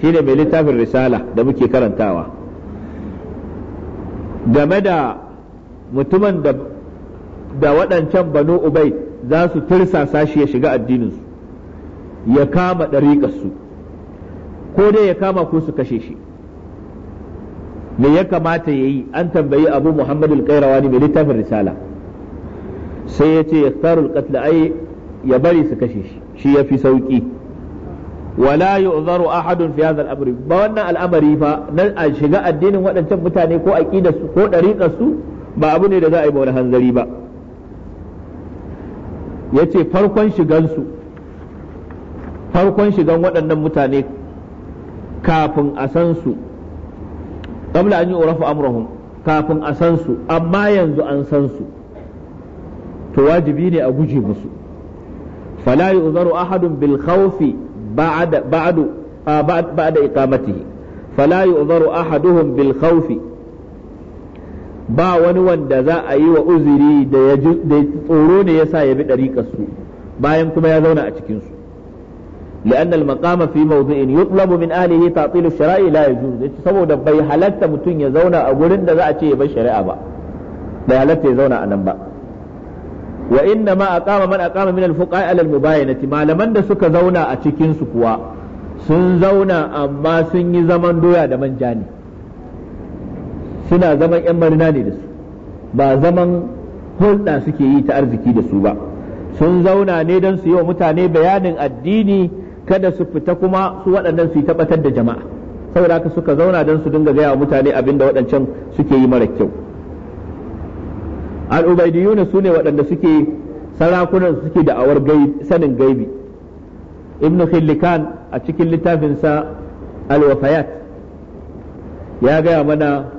shine mai littafin risala da muke karantawa game da mutumin da da waɗancan banu ubaid za su tirsasa shi ya shiga addininsu ya kama ɗariƙarsu ko dai ya kama ko su kashe shi me ya kamata ya yi an tambayi abu muhammadu alƙairawani mai littafin risala sai ya ce ya tsarul katla ai ya bari su kashe shi shi ya fi sauƙi wala yu'zaru ahadun fi hadha al-amri ba wannan al'amari fa nan a shiga addinin waɗancan mutane ko aqidar su ko ɗariƙar su ba abu ne da za a yi ba wani hanzari ba yace farkon shigansu farkon shigan waɗannan mutane kafin a san su qabla an yi yu'rafu amurahun kafin a san su amma yanzu an san su to wajibi ne a guje musu fala yu'zaru ahadun bil khawfi ba'da ba'da ba'da iqamatihi fala yu'zaru ahaduhum bil khawfi ba wani wanda za a yi wa uziri da ya tsoro ne yasa ya bi dariƙar su bayan kuma ya zauna a cikin su لأن المقام في موضع يطلب من أهله تعطيل الشرائع لا يجوز saboda bai halarta mutum ya zauna a gurin da za a ce ya bar shari'a ba da halarta ya zauna a nan ba wa inna ma aqama man aqama min al-fuqaha ala al malaman da suka zauna a cikin su kuwa sun zauna amma sun yi zaman doya da manja ne suna zaman yan marina ne da su ba zaman hulɗa suke yi ta arziki da su ba sun zauna ne don su yi wa mutane bayanin addini kada su fita kuma su waɗannan su yi tabbatar da jama'a saboda haka suka zauna don su dinga gaya wa mutane abin da waɗancan suke yi mara kyau al'ubaidiyuna su ne waɗanda suke sarakunan suke awar sanin gaibi ibnu khillikan a cikin littafinsa al-wafayat ya gaya mana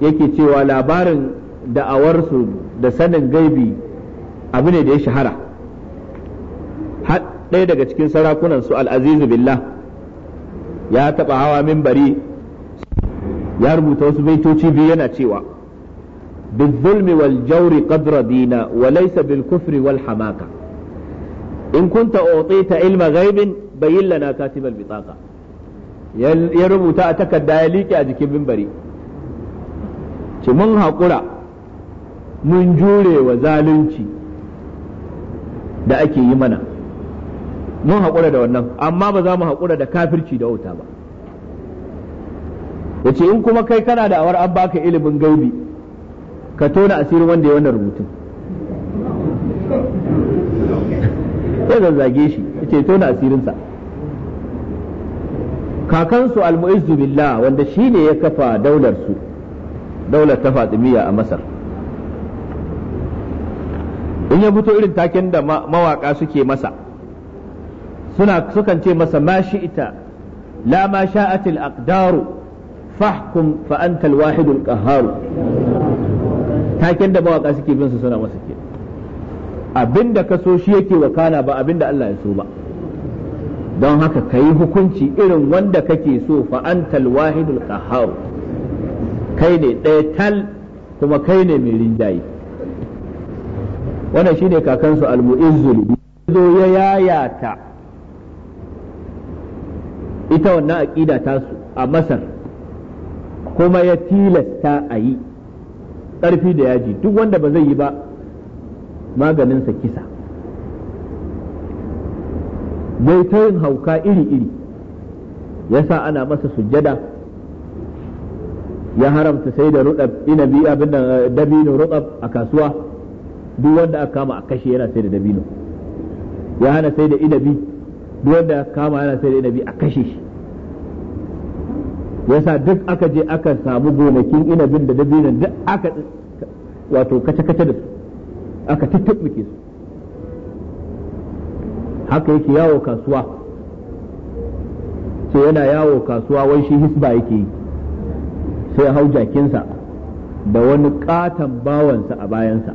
yake cewa labarin da'awarsu da sanin gaibi abu ne da ya shahara ɗaya daga cikin sarakunan su al'azizu billah ya taɓa hawa mimbari ya rubuta wasu baitoci biyu yana cewa بالظلم والجور قد رضينا وليس بالكفر والحماقة إن كنت أعطيت علم غيب بين لنا كاتب البطاقة يربو تأتك الداليك أجك من بريء ce mun haƙura mun jure wa zalunci da ake yi mana mun haƙura da wannan amma ba za mu haƙura da kafirci da wuta ba ya ce in kuma kai kana da awar an baka ilimin gaibi ka tona asirin wanda ya wannan rubutun ya zazzage shi ya ce tona asirinsa kakansu al-mu'izzu billah wanda shine ya kafa daular su daular ta fatimiyya a masar in ya fito irin taken da mawaka suke masa suna sukan ce masa ma ita la ma sha'at aqdaru fahkum fa anta al wahid al qahhar taken da mawaka suke bin su suna masa ke abinda ka so shi yake wakana ba abinda Allah ya so ba don haka ka yi hukunci irin wanda kake so fa antal wahidul qahhar kai ne ɗaya tal kuma kai ne mai rinjaye wannan shine kakansu al-mu'izzul zo ya yayata ita wannan aqida su a Masar kuma ya tilasta a yi ƙarfi da yaji duk wanda ba zai yi ba maganinsa kisa mai ta yin hauka iri-iri yasa ana masa sujjada ya haramta sai da rudab inabi abin da eh, dabino rudab a kasuwa duk wanda aka kama a kashe yana sai da dabino ya hana sai da inabi duk wanda aka kama yana sai da inabi a kashe shi yasa duk aka je aka samu gonakin inabin da dabino duk aka wato kace-kace da su aka tuttuɓuke su haka yake yawo kasuwa sai yana yawo kasuwa wai shi hisba yake yi sai hau jakinsa da wani katon bawansa a bayansa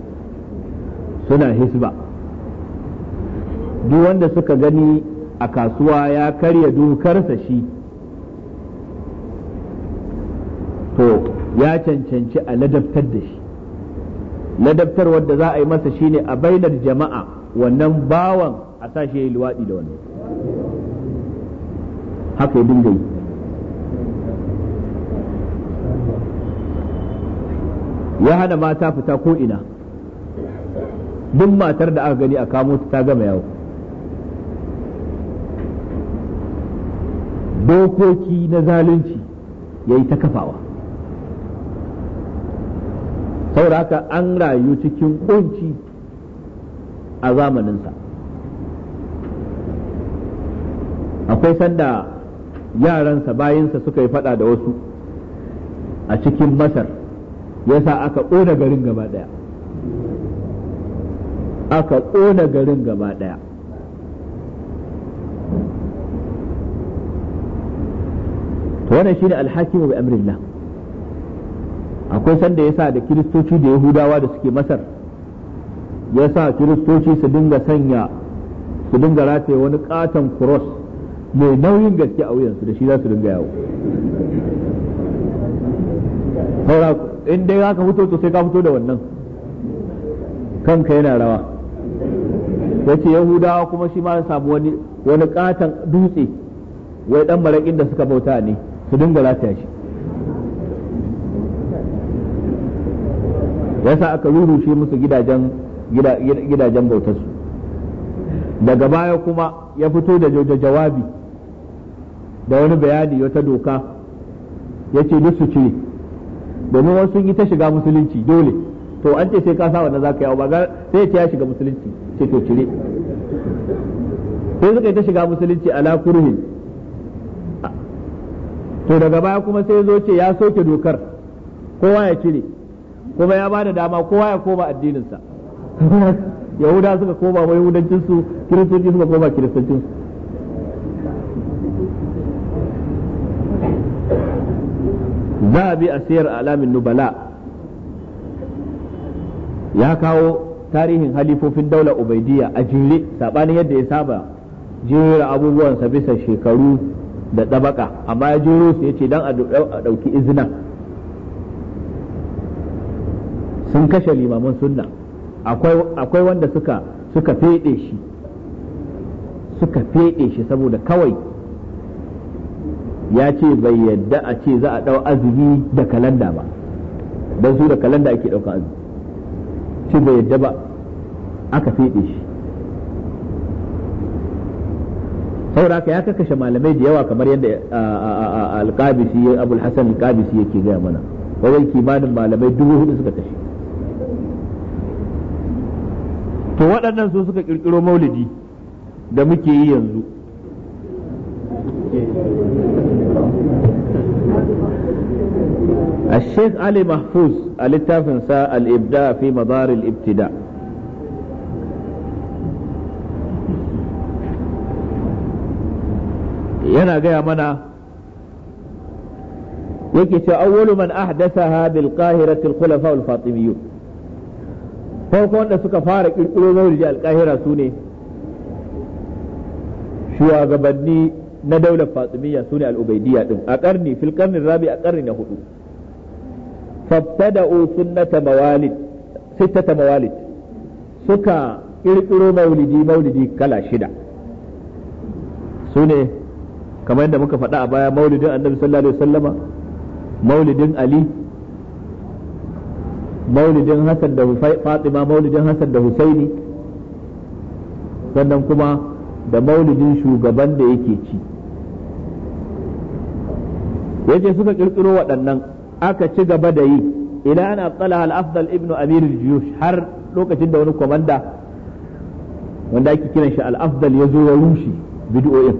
suna hisba duk wanda suka gani a kasuwa ya karya dokarsa shi to ya cancanci a ladabtar da shi ladabtar wadda za a yi masa shine a bainar jama'a wannan bawan a shi ya yi luwaɗi da wannan haka ya dinga yi ya hana mata fita ko ina duk matar da aka gani a kamo ta gama yawo dokoki na zalunci ya yi ta kafawa sauraka an rayu cikin kunci a zamaninsa akwai sanda yaransa bayansa suka yi fada da wasu a cikin masar yasa aka ƙona garin gaba ɗaya aka ƙona garin gaba ɗaya to wannan shine alhakimu bi amrillah akwai sanda yasa da kiristoci da yahudawa da suke masar yasa kiristoci su dinga sanya su dinga rataye wani katon cross mai nauyin gaske a wuyansu da shi za su dinga yawo in dai ka fito to sai ka fito da wannan kanka yana rawa yace yahudawa kuma shi ma samu wani wani katan dutse wai dan marakin da suka bauta ne su dinga rataya shi yasa aka rurushe musu gidajen gidajen bautarsu daga baya kuma ya fito da jawabi da wani bayani wata doka ya ce duk su cire domin wasu sun yi ta shiga musulunci dole to an ce sai ka sa wannan zaka yi ba sai ce ya shiga musulunci ce to cire sai suka yi ta shiga musulunci ala kurhin to daga baya kuma sai zo ce ya soke dokar kowa ya cire kuma ya bada dama kowa ya koma addininsa yahuda suka koma wa yahudancinsu kiristoci suka koma kiristocinsu za a siyar alamin nubala ya kawo tarihin halifofin daular ubaidiyya a jere sabanin yadda ya saba jera abubuwansa bisa shekaru da ɗabaka amma ya jero su ya ce don a ɗauki izina sun kashe limaman sunna akwai wanda suka suka shi suka feɗe shi saboda kawai ya ce bai yadda a ce za a ɗau azumi da kalanda ba don su da kalanda ake ɗauka azumi shi bai yadda ba aka feɗe shi sauraka ya kakashe malamai da yawa kamar yadda alkabisi abul hasan alkabisi yake gaya mana wajen kimanin malamai dubu hudu suka kashe to waɗannan su suka ƙirƙiro maulidi da muke yi yanzu الشيخ علي محفوظ الاتفن ساء الإبداع في مدار الابتداء yana gaya mana yake ce awwalu man ahdathaha bil qahirati al khulafa al fatimiyyun farkon da suka fara kirkiro maulidi al qahira sune shugabanni na daular fatimiyya sune al ubaidiyya din a karni fil karni rabi a karni na hudu fabtada'u sunnata mawalid sittata mawalid suka kirkiro maulidi maulidi kala shida sune kamar yadda muka faɗa a baya maulidin annabi sallallahu alaihi wasallama maulidin ali maulidin hasan da fatima maulidin hasan da husaini sannan kuma da maulidin shugaban da yake ci yace suka kirkiro waɗannan aka ci gaba da yi ila an abtala al-afdal ibnu amir al har lokacin da wani komanda wanda ake kiran shi al-afdal ya zo ya rushe bid'o'in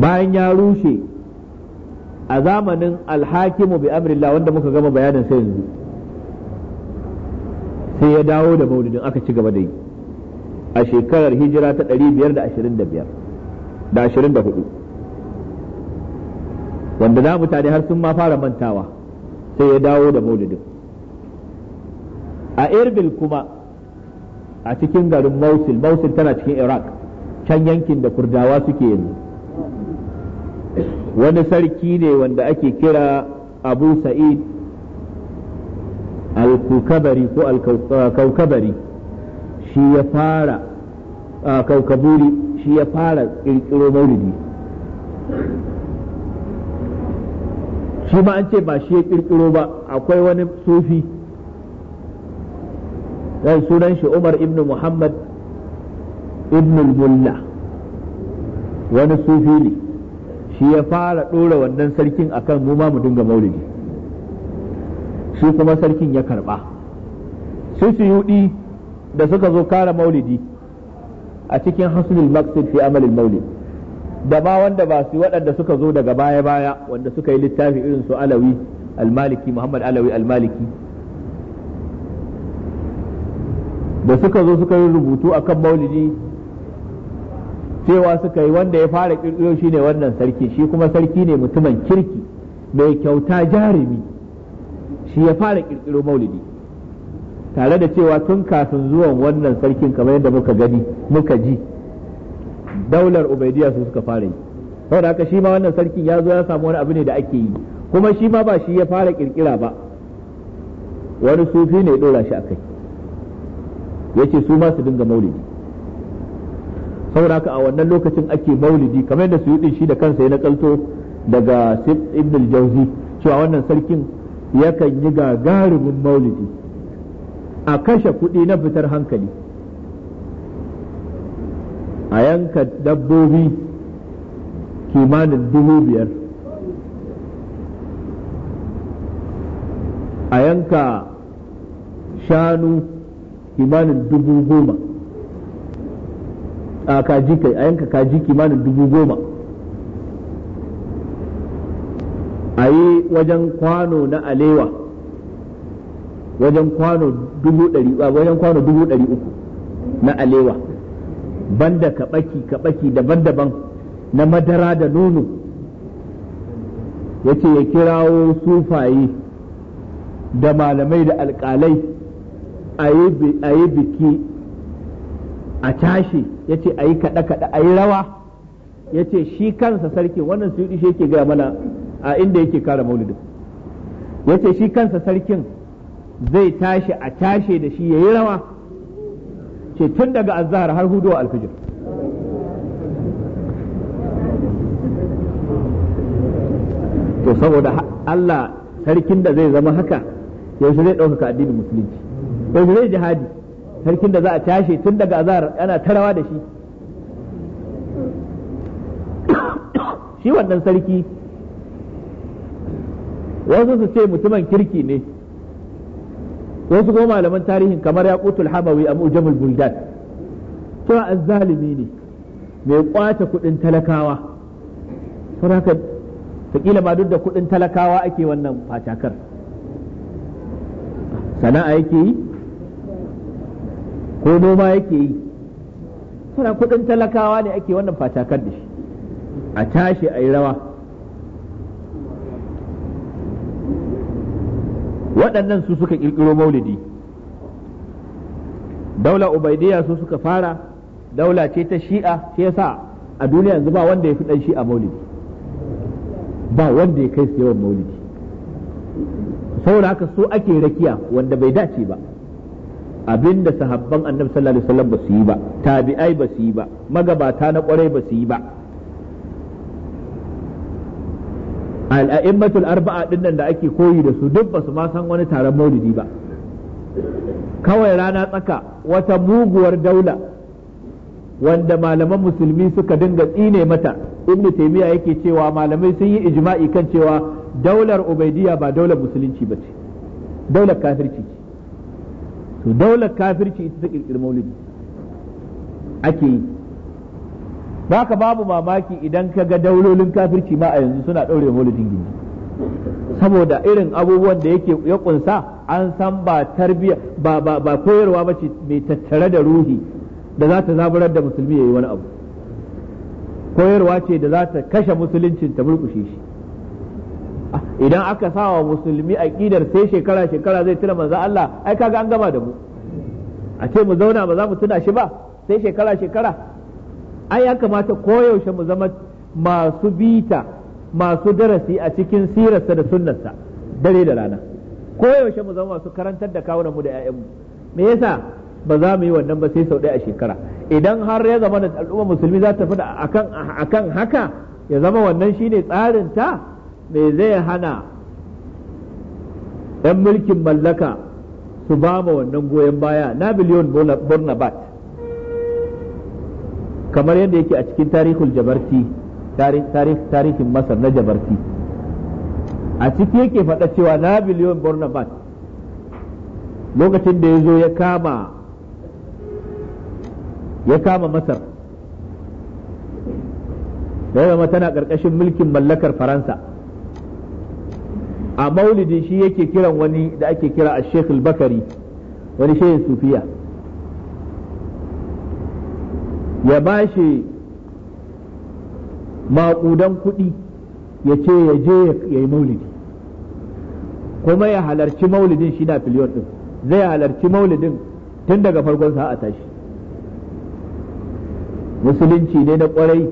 bayan ya rushe a zamanin alhakimu bi amrillah wanda muka gama bayanin sai yanzu sai ya dawo da maulidin aka ci gaba da yi a shekarar hijira ta 525 da 24 wanda na mutane har sun ma fara mantawa sai ya dawo da maulidin a irbil kuma a cikin garin mausil mausil tana cikin iraq can yankin da kurdawa suke yanzu wani sarki ne wanda ake kira abu sa'id al-kukabari ko al shi ya fara kaukaburi shi ya fara kirkiro maulidi shi ma an ce ba shi ya kirkiro ba akwai wani sufi dan sunan shi Umar ibn Muhammad ibn Bulla wani sufi ne shi ya fara ɗora wannan sarkin akan mu ma mu dinga maulidi shi kuma sarkin ya karba su suyudi da suka zo kara maulidi a cikin hasulul maqsid fi amalin maulidi da ma wanda ba su waɗanda suka zo daga baya baya wanda suka yi littafi irin su alawi almaliki muhammad alawi almaliki da suka zo suka yi rubutu akan maulidi cewa suka yi wanda ya fara ƙirƙiro shi ne wannan sarki shi kuma sarki ne mutumin kirki mai kyauta jarumi shi ya fara ƙirƙiro maulidi tare da cewa tun kafin zuwan wannan sarkin kamar yadda muka gani muka ji daular ubaidiyya su suka fara yi saboda haka shi ma wannan sarkin ya zo ya samu wani abu ne da ake yi kuma shi ma ba shi ya fara kirkira ba wani sufi ne ya dora shi akai yace su ma su dinga maulidi saboda haka a wannan lokacin ake maulidi kamar yadda su yi shi da kansa ya nakalto daga sif ibn al-Jawzi cewa wannan sarkin yakan yi gagarumin maulidi a kashe kuɗi na fitar hankali a yanka dabbobi kimanin dubu biyar a yanka shanu kimanin dubu goma a kaji kai a yanka kaji kimanin dubu goma a yi wajen kwano na alewa wajen kwano dubu ɗari uku na alewa banda kaɓaki kaɓaki daban-daban na madara da nono yace ya kirawo sufaye da malamai da alƙalai a yi biki a tashi yace a yi kada kaɗe a yi rawa yace shi kansa sarki wannan su shi yake gaya mana a inda yake kara ya yace shi kansa sarkin zai tashi a tashe da shi ya yi rawa ce tun daga azhar har hudu alfijir to saboda Allah sarkin da zai zama haka yaushe zai ɗaukaka addinin musulunci yaushe zai jihadi sarkin da za a tashi tun daga azhar ana tarawa da shi shi wannan sarki wasu su ce mutumin kirki ne wasu kuma malaman tarihin kamar ya kutul habawi a mujamul buldan cewa azzalimi ne mai kwace kudin talakawa saboda haka kila ba duk da kudin talakawa ake wannan fatakar sana'a yake yi ko noma yake yi suna kudin talakawa ne ake wannan fatakar da shi a tashi a yi rawa waɗannan su suka ƙirƙiro maulidi daula ubaidiyya su suka fara daula ce ta shi'a shi yasa a duniya yanzu ba wanda ya fi ɗan shi'a maulidi ba wanda ya kai su yawan maulidi saboda haka so ake rakiya wanda bai dace ba abinda sahabban annabi sallallahu alaihi wasallam ba su yi ba tabi'ai ba su yi ba magabata na kwarai ba su yi ba al'a'immatul arba'a ɗinnan nan da ake koyi da su duk ba su ma san wani taron maulidi ba kawai rana tsaka wata muguwar daula wanda malaman musulmi suka dinga tsine mata ibn taymiya yake cewa malamai sun yi ijma'i kan cewa daular ubaidiyya ba daular musulunci ba ce daular kafirci ce daular kafirci ita ta kirkiri maulidi ake yi baka babu mamaki idan ka ga daulolin kafirci ma a yanzu suna ɗaure maulidin gindi saboda irin abubuwan da yake ya kunsa an san ba tarbiya ba ba ba koyarwa ba ce mai tattare da ruhi da za ta zaburar da musulmi yayi wani abu koyarwa ce da za ta kashe musuluncin ta murkushe shi idan aka sawa musulmi aqidar sai shekara shekara zai tuna manzo Allah ai kaga an gama da mu a ce mu zauna ba za mu tuna shi ba sai shekara shekara ai ya kamata koyaushe mu zama masu bita masu darasi a cikin sirarsa da sunnarsa dare da rana koyaushe mu zama masu karantar da kawunan mu da 'ya'yanmu me yasa ba za mu yi wannan ba sai sau ɗaya a shekara idan har ya zama da al'umma musulmi za ta fi akan akan haka ya zama wannan shine tsarin ta me zai hana yan mulkin mallaka su ba wannan goyon baya na biliyon burna bat. kamar yadda yake a cikin tarihul jabarti tarihin masar na jabarti a ciki yake faɗa cewa na biliyon barnabas lokacin da ya zo ya kama ya kama masar da zama tana ƙarƙashin mulkin mallakar faransa a maulidin shi yake kiran wani da ake kira a al bakari wani shehin sufiya ya ba shi maƙudan kuɗi ya ce ya je ya yi maulidi kuma ya halarci maulidin shi na filiyon ɗin zai halarci maulidin tun daga farkon sa'a ta tashi musulunci ne na ƙwarai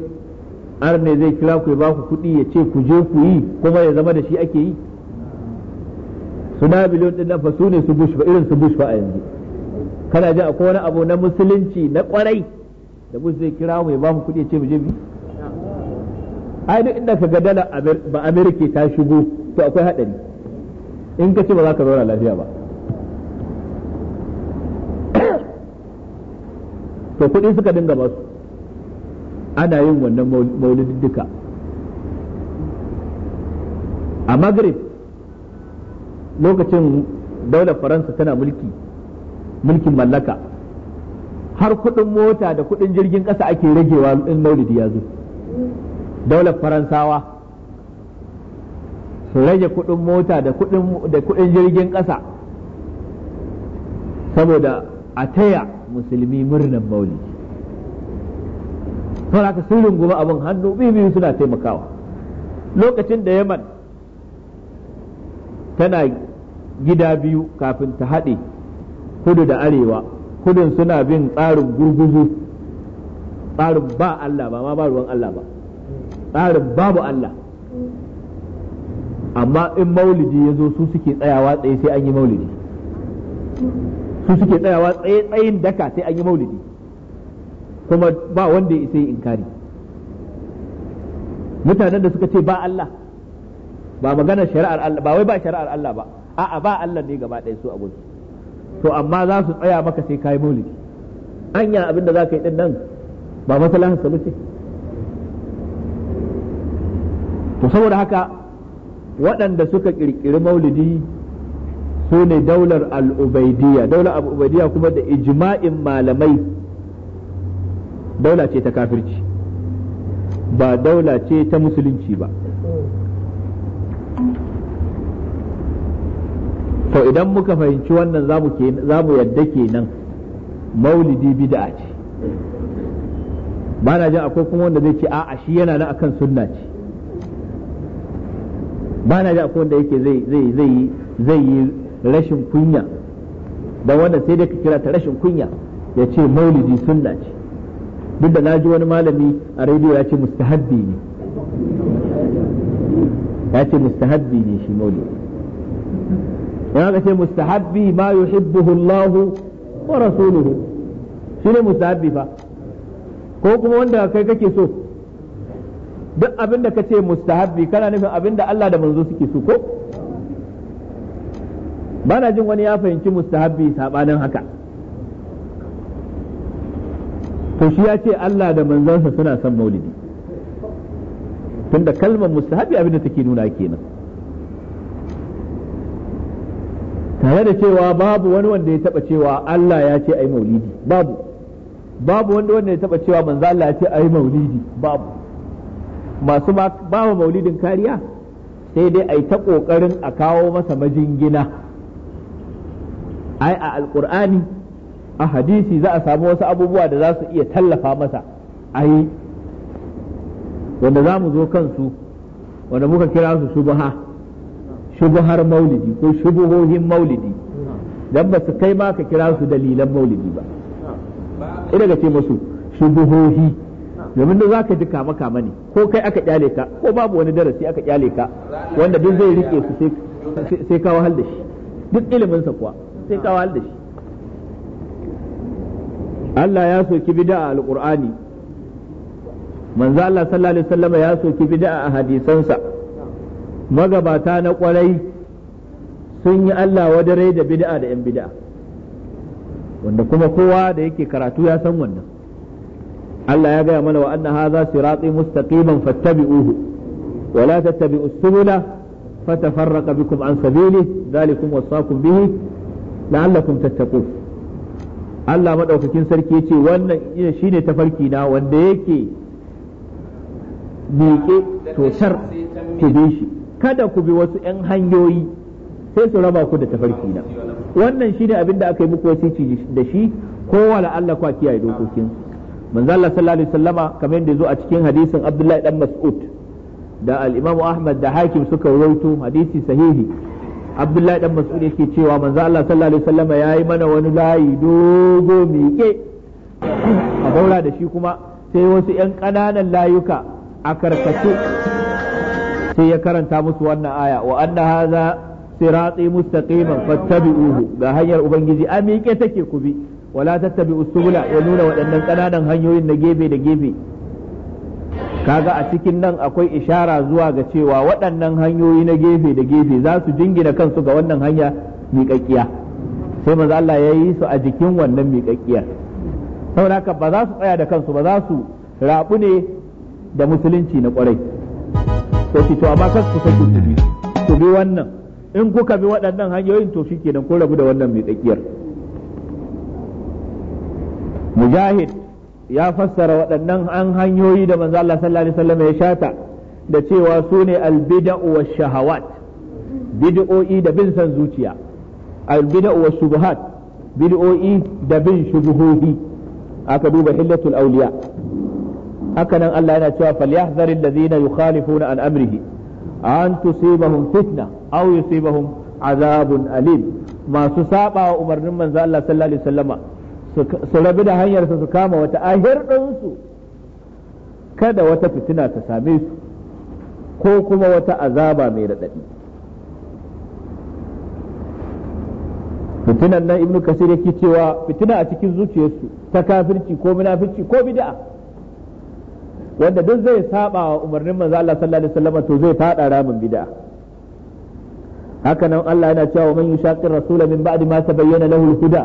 ar ne zai kira ku ya ba ku kuɗi ya ce ku je ku yi kuma ya zama da shi ake yi suna biliyon ɗin nan fa su ne su bush ba irin su bush ba a yanzu kana ji akwai wani abu na musulunci na ƙwarai da bush zai kira mai ba mu kuɗi ce mu je bi ai duk inda ka ga dala ba amerika ta shigo to akwai hadari in ka ce ba za ka zauna lafiya ba to kuɗi suka dinga ba su ana yin wannan maulidin duka a maghrib lokacin daular faransa tana mulki mulkin mallaka har kuɗin mota da kuɗin jirgin ƙasa ake ragewa in maulidi ya zo daular faransawa su rage kuɗin mota da kuɗin jirgin ƙasa saboda a taya musulmi murnan maulidi saboda haka sun rungumi abin hannu biyu suna taimakawa lokacin da yaman tana gida biyu kafin ta haɗe kudu da arewa kudin suna bin tsarin gurguzu tsarin ba Allah ba ma ba ruwan Allah ba tsarin babu Allah amma in maulidi ya zo su suke tsayawa tsaye sai an yi maulidi su suke tsayawa tsaye tsayin daka sai an yi maulidi kuma ba wanda ya isa yi inkari mutanen da suka ce ba Allah ba magana shari'ar Allah ba wai ba shari'ar Allah ba a'a ba Allah ne gaba ɗaya su a gudu to amma za su tsaya maka sai kai maulidi anya abin da za ka yi din nan ba masalahar sa bace to saboda haka waɗanda suka kirkiri maulidi su ne daular al'ubaidiyya daular al'ubaidiyya kuma da ijma'in malamai daula ce ta kafirci ba daula ce ta musulunci ba to idan muka fahimci wannan za mu yadda kenan maulidi bid'a ce ba na jin akwai kuma wanda zai ce a'a shi yana nan akan sunna ce ba na jin akwai wanda yake zai yi rashin kunya don wanda sai dai ka kira ta rashin kunya ya ce maulidi sunna ce duk da na ji wani malami a rediyo ya ce mustahabbi ne ya ce mustahabbi ne shi maulidi ya ga ce mustahabbi ma yuhibbuhu Allah wa rasuluhu shine mustahabbi fa ko kuma wanda kai kake so duk abin da kace mustahabbi kana nufin abin da Allah da manzo suke so ko bana jin wani ya fahimci mustahabbi sabanin haka to shi ya ce Allah da manzansa suna son maulidi tunda kalmar mustahabbi abin da take nuna kenan tare da cewa babu wani wanda ya taba cewa Allah ya ce ai maulidi babu babu wanda wanda ya taba cewa manzo Allah ya ce ai maulidi babu masu bawa maulidin kariya sai dai ai ta kokarin a kawo masa majingina ai a alkur'ani a hadisi za a samu wasu abubuwa da za su iya tallafa masa ai wanda za mu zo kansu wanda muka kira su subha shubuhar maulidi ko shubuhohin maulidi dan ba su kai ma ka kira su dalilan maulidi ba ina daga ce musu shubuhohi domin da zaka duka kama kama ne ko kai aka kyale ka ko babu wani darasi aka kyale ka wanda duk zai rike su sai kawo hal da shi duk ilimin sa kuwa sai kawo hal da shi Allah ya soki bid'a alqur'ani manzo Allah sallallahu alaihi wasallam ya soki bid'a a hadisansa magabata na kwarai sun yi Allah wadare da bid'a da 'yan bid'a wanda kuma kowa da yake karatu ya san wannan Allah ya gaya mana wa anna hadha sirati mustaqiman fattabi'uhu wa la tattabi'us subula fatafarraqa bikum an sabili dhalikum wasaqum bihi la'allakum tattaqun Allah madaukakin sarki yace wannan shine tafarki na wanda yake miƙe totar ki bi shi kada ku bi wasu 'yan hanyoyi sai su raba ku da tafarki na wannan shine abin da aka yi muku wasici da shi ko wala Allah kwa kiyaye dokokin manzo Allah sallallahu alaihi wasallama kamar yadda zo a cikin hadisin Abdullahi dan Mas'ud da al-Imam Ahmad da Hakim suka rawaito hadisi sahihi Abdullahi dan Mas'ud yake cewa manzo Allah sallallahu alaihi wasallama yayi mana wani layi dogo miƙe a daura da shi kuma sai wasu 'yan ƙananan layuka a karkace sai ya karanta musu wannan aya wa anna hadha sirati mustaqiman fattabi'uhu ga hanyar ubangiji a miƙe take ku bi wala tattabi'u subula ya nuna waɗannan kananan hanyoyin na gefe da gefe kaga a cikin nan akwai ishara zuwa ga cewa waɗannan hanyoyi na gefe da gefe za su jingina kansu ga wannan hanya miƙaƙƙiya sai manzo Allah ya yi su a jikin wannan miƙaƙƙiyar saboda haka ba za su tsaya da kansu ba za su rabu ne da musulunci na ƙwarai sauki to amma kar ku sai ku bi to bi wannan in kuka bi waɗannan hanyoyin to shikenan ko rabu da wannan mai tsakiyar mujahid ya fassara waɗannan an hanyoyi da manzo Allah sallallahu alaihi wasallam ya shata da cewa su ne albida'u wa shahawat bid'o'i da bin san zuciya albida'u wa subuhat bid'o'i da bin shubuhohi aka duba hillatul auliya haka nan Allah yana cewa falyahzar alladhina yukhalifuna an amrihi an tusibahum fitna aw yusibahum azabun alim masu saba wa umarnin manzo Allah sallallahu alaihi wasallama su rabu da hanyar su kama wata ahir su kada wata fitina ta same su ko kuma wata azaba mai radadi fitinan nan ibnu kasir yake cewa fitina a cikin zuciyarsu ta kafirci ko munafirci ko bid'a wanda duk zai saba wa umarnin manzo Allah sallallahu alaihi wasallam to zai fada ramin bid'a haka nan Allah yana cewa man yushaqir rasul min ba'di ma tabayyana lahu al-huda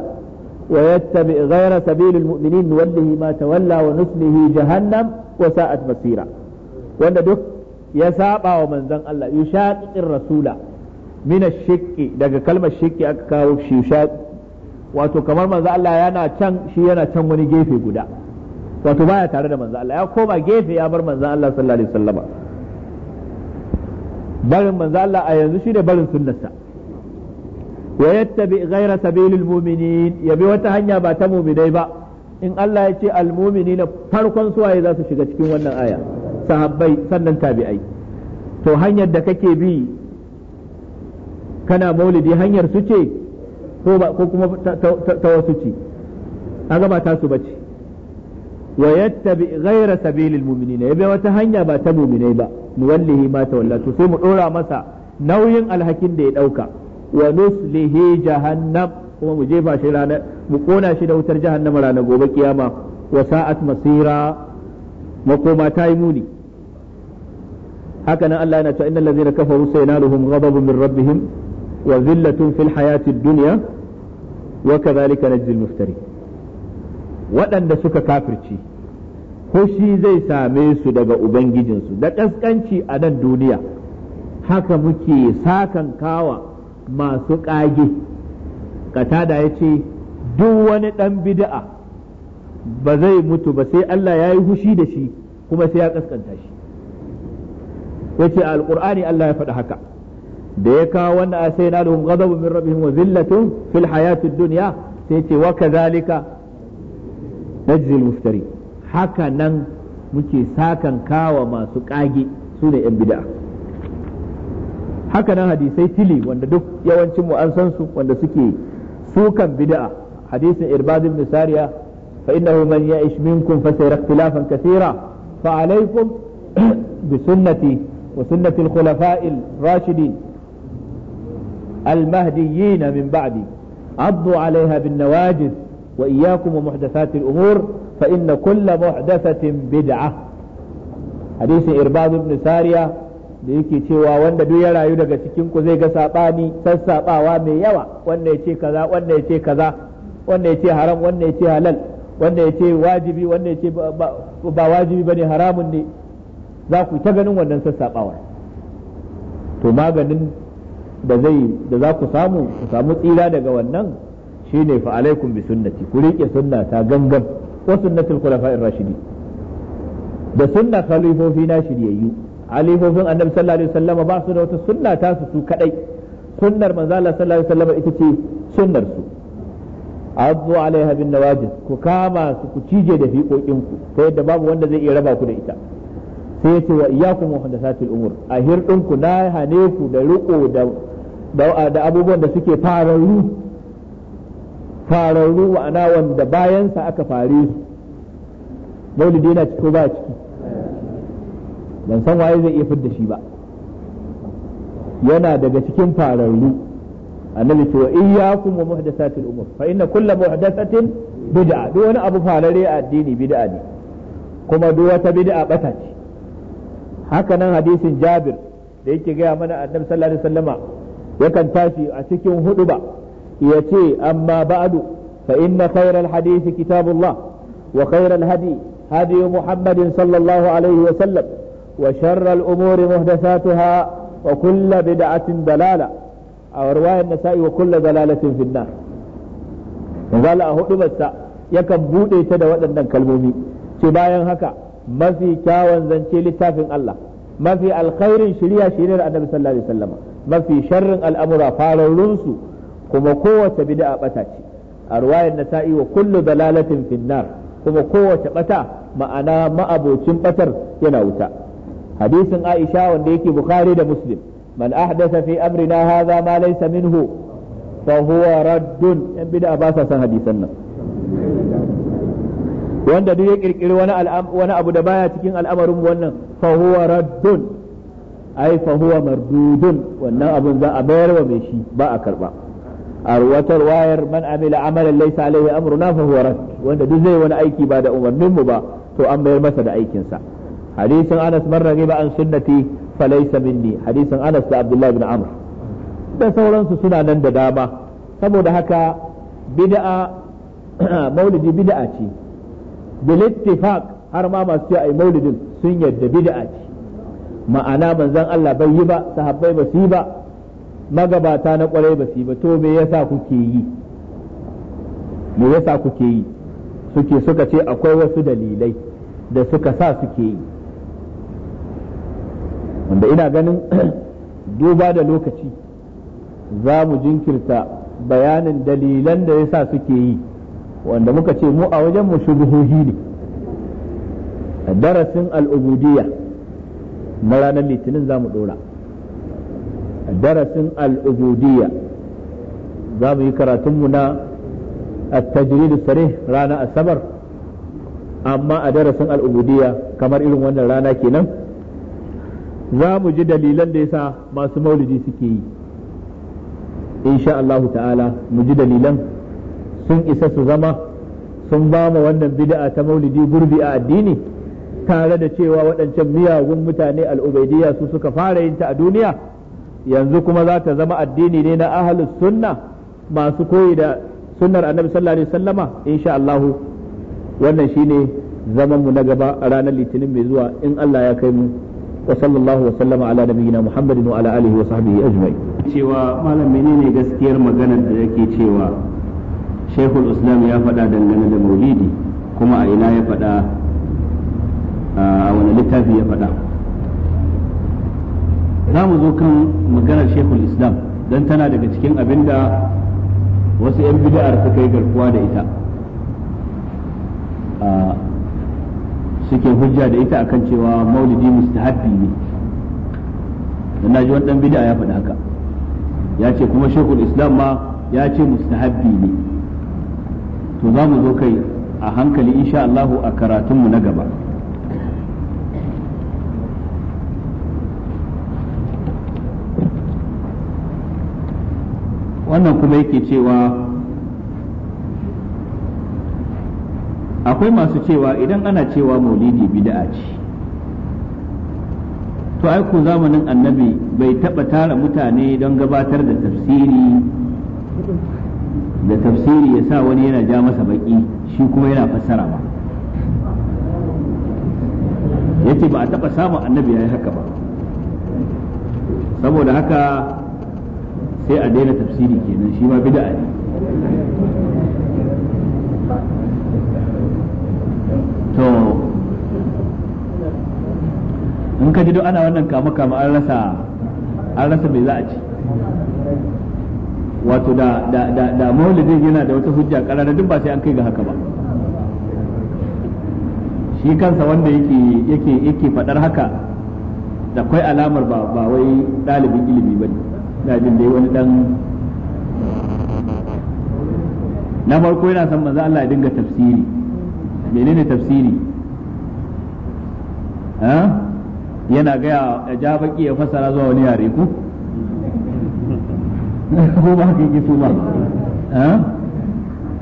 wa yattabi ghayra sabil al-mu'minin nuwallihi ma tawalla wa nuslihi jahannam wa sa'at masira wanda duk ya saba wa manzon Allah yushaqir rasula min ash-shiqqi daga kalmar shiqqi aka kawo shi wato kamar manzo Allah yana can shi yana can wani gefe guda wato baya tare da manzo Allah ya koma gefe ya bar manzo Allah sallallahu alaihi wasallama barin manzo Allah a yanzu shine barin sunnarsa wa yattabi ghayra sabilil mu'minin ya bi wata hanya ba ta mu'minai ba in Allah ya ce al na farkon suwaye za su shiga cikin wannan aya sahabbai sannan tabi'ai to hanyar da kake bi kana maulidi hanyar su ce ko kuma ta wasu ce a gaba ta su bace wa yattabi ghayra sabilil mu'minina yabi wata hanya ba ta mu'minai ba nuwallihi ma tawalla to sai mu ɗora masa nauyin alhakin da ya ɗauka wa nuslihi jahannam kuma mu jefa shi ranar mu kona shi da wutar jahannama ranar gobe kiyama wa sa'at masira makoma ta yi muni haka nan Allah yana cewa innal ladzina kafaru sayanaluhum ghadabun min rabbihim wa zillatun fil hayatid dunya wa kadhalika najzil muftarin waɗanda suka kafirci hushi zai same su daga ubangijinsu da ƙasƙanci a nan duniya haka muke sakan kawa masu ƙage katada ya ce duk wani ɗan bid'a ba zai mutu ba sai Allah ya yi hushi da shi kuma sai ya ƙasƙanta shi ya ce alƙur'ani Allah ya faɗi haka da ya kawo wannan a sai na lahum min rabbihim wa zillatun fil hayatid dunya sai ce wa kadhalika نجزي المفتري حكا نن مكي ساكا كاوى ما سكاجي سنة انبداء حكا نن حديثي تلي واند دف يوان شمو انسانسو واند سكي سوكا بداء حديث ارباد بن ساريا فإنه من يعيش منكم فسير اختلافا كثيرا فعليكم بسنتي وسنة الخلفاء الراشدين المهديين من بعدي عضوا عليها بالنواجذ وإياكم ومحدثات الأمور فإن كل محدثة بدعة حديث إرباض بن سارية da yake cewa wanda duk rayu daga cikin ku zai ga sabani sassabawa mai yawa wanda ya ce kaza wanda ya ce kaza wanda ya ce haram wanda ya ce halal wanda ya ce wajibi wanda ya ce ba wajibi bane haramun ne ta ganin wannan to maganin da zai da za ku samu ku samu tsira daga wannan shine fa alaikum bi sunnati ku rike sunna ta gangan wa sunnatul khulafa'ir rashidi da sunna khalifofi na shiryayyu alifofin annabi sallallahu alaihi wasallam ba su da wata sunna ta su su kadai sunnar manzo Allah sallallahu alaihi wasallam ita ce sunnar su azu alaiha bin nawajid ku kama su ku cije da fiƙoƙin ku ta yadda babu wanda zai iya raba ku da ita sai ce wa iyyakum muhdathatil umur a hirdin ku na hane ku da riko da da abubuwan da suke fararru fararru ma'ana wanda bayansa aka fare su maulidi yana ciko ba ciki ban san waye zai iya fidda shi ba yana daga cikin fararru annabi cewa iyyakum wa muhdathatil umur fa inna kullu muhdathatin bid'a duk wani abu farare a addini bid'a ne kuma duk wata bid'a bata ce haka nan hadisin Jabir da yake gaya mana annabi sallallahu alaihi wasallama yakan tashi a cikin huduba يتي أما بعد فإن خير الحديث كتاب الله وخير الهدي هدي محمد صلى الله عليه وسلم وشر الأمور محدثاتها وكل بدعة ضلالة أو رواية النساء وكل ضلالة في النار قال أهد بس يكن بودي تدى ودن كالمومي تباين هكا ما في كاوان زنتي لتافن الله ما في الخير شريع شرير النبي صلى الله عليه وسلم ما في شر الأمر فارلنسو kuma kowace bid'a bata ce a ruwayar sa'i wa kullu dalalatin finnar kuma kowace bata ma'ana ma'abocin batar yana wuta hadisin aisha wanda yake bukhari da muslim man ahdatha fi amrina hadha ma laysa minhu fa huwa raddun yan bid'a ba sa san hadisan nan wanda duk ya kirkiri wani wani abu da baya cikin al'amarin wannan fa huwa raddun ai fa huwa mardudun wannan abun za a bayar wa mai shi ba a karba a ruwatar wayar man amila amalan laysa alaihi amruna fa huwa rad wanda duk zai wani aiki ba da umarnin mu ba to an bayar masa da aikin sa hadisin Anas man ba an sunnati fa laysa minni hadisin Anas da Abdullah ibn Amr da sauransu suna nan da dama saboda haka bid'a maulidi bid'a ce bil ittifaq har ma masu cewa ai maulidin sun yadda bid'a ce ma'ana manzon Allah bai yi ba sahabbai ba su yi ba magabata na kwarai ba su ba to me yasa kuke yi me yasa kuke yi suke suka ce akwai wasu dalilai da suka sa suke yi wanda ina ganin duba da lokaci za mu jinkirta bayanin dalilan da yasa suke yi wanda muka ce mu a wajen mu shubuhohi ne darasin al'ubudiyya na ranar litinin za mu dora darasin al'ubudiyya za mu yi karatunmu na التجريد الصريح رانا Asabar, amma a darasin al'ubudiyya kamar irin wannan rana kenan za mu ji dalilan da yasa masu maulidi suke yi insha Allahu ta'ala mu ji dalilan sun isa su zama sun ba wannan bid'a ta maulidi gurbi a addini tare da cewa waɗancan miyagun mutane al'ubudiyya su suka fara yin ta a duniya yanzu kuma za ta zama addini ne na ahlus sunna masu koyi da sunnar annabi sallallahu alaihi wasallama insha Allah wannan shine zaman mu na gaba a ranar litinin mai zuwa in Allah ya kai mu wa sallallahu wa sallama ala nabiyyina muhammadin wa ala alihi wa sahbihi ajma'in cewa malam menene gaskiyar maganar da yake cewa shaykhul islam ya faɗa dangane da maulidi kuma a ina ya faɗa a wani littafi ya faɗa za mu zo kan maganar shekul islam don tana daga cikin abin da wasu 'yan bid'ar suka yi garkuwa da ita suke hujja da ita akan cewa maulidi mustahabbi ne don ji wani dan bid'a ya faɗi haka ya ce kuma shekul islam ma ya ce mustahabbi ne to za mu zo kai a hankali insha Allahu a karatunmu na gaba wannan kuma yake cewa akwai masu cewa idan ana cewa maulidi bida'a ce to ai ku zamanin annabi bai taba tara mutane don gabatar da tafsiri da tafsiri ya sa wani yana ja masa baki shi kuma yana fassara ba ya ce ba a taɓa samun annabi ya yi haka ba saboda haka sai a daina tafsiri kenan shi ma bid'a ne to in ka ji ana wannan kama kama an rasa an rasa me za a ci wato da da da da maulidin yana da wata hujja karara duk ba sai an kai ga haka ba shi kansa wanda yake yake yake fadar haka da kai alamar ba ba wai ɗalibin ilimi bane ina jin dai wani dan na farko yana son manzo Allah ya dinga tafsiri menene tafsiri ha yana gaya ya ja baki ya fassara zuwa wani yare ku ko ba ka yi su ba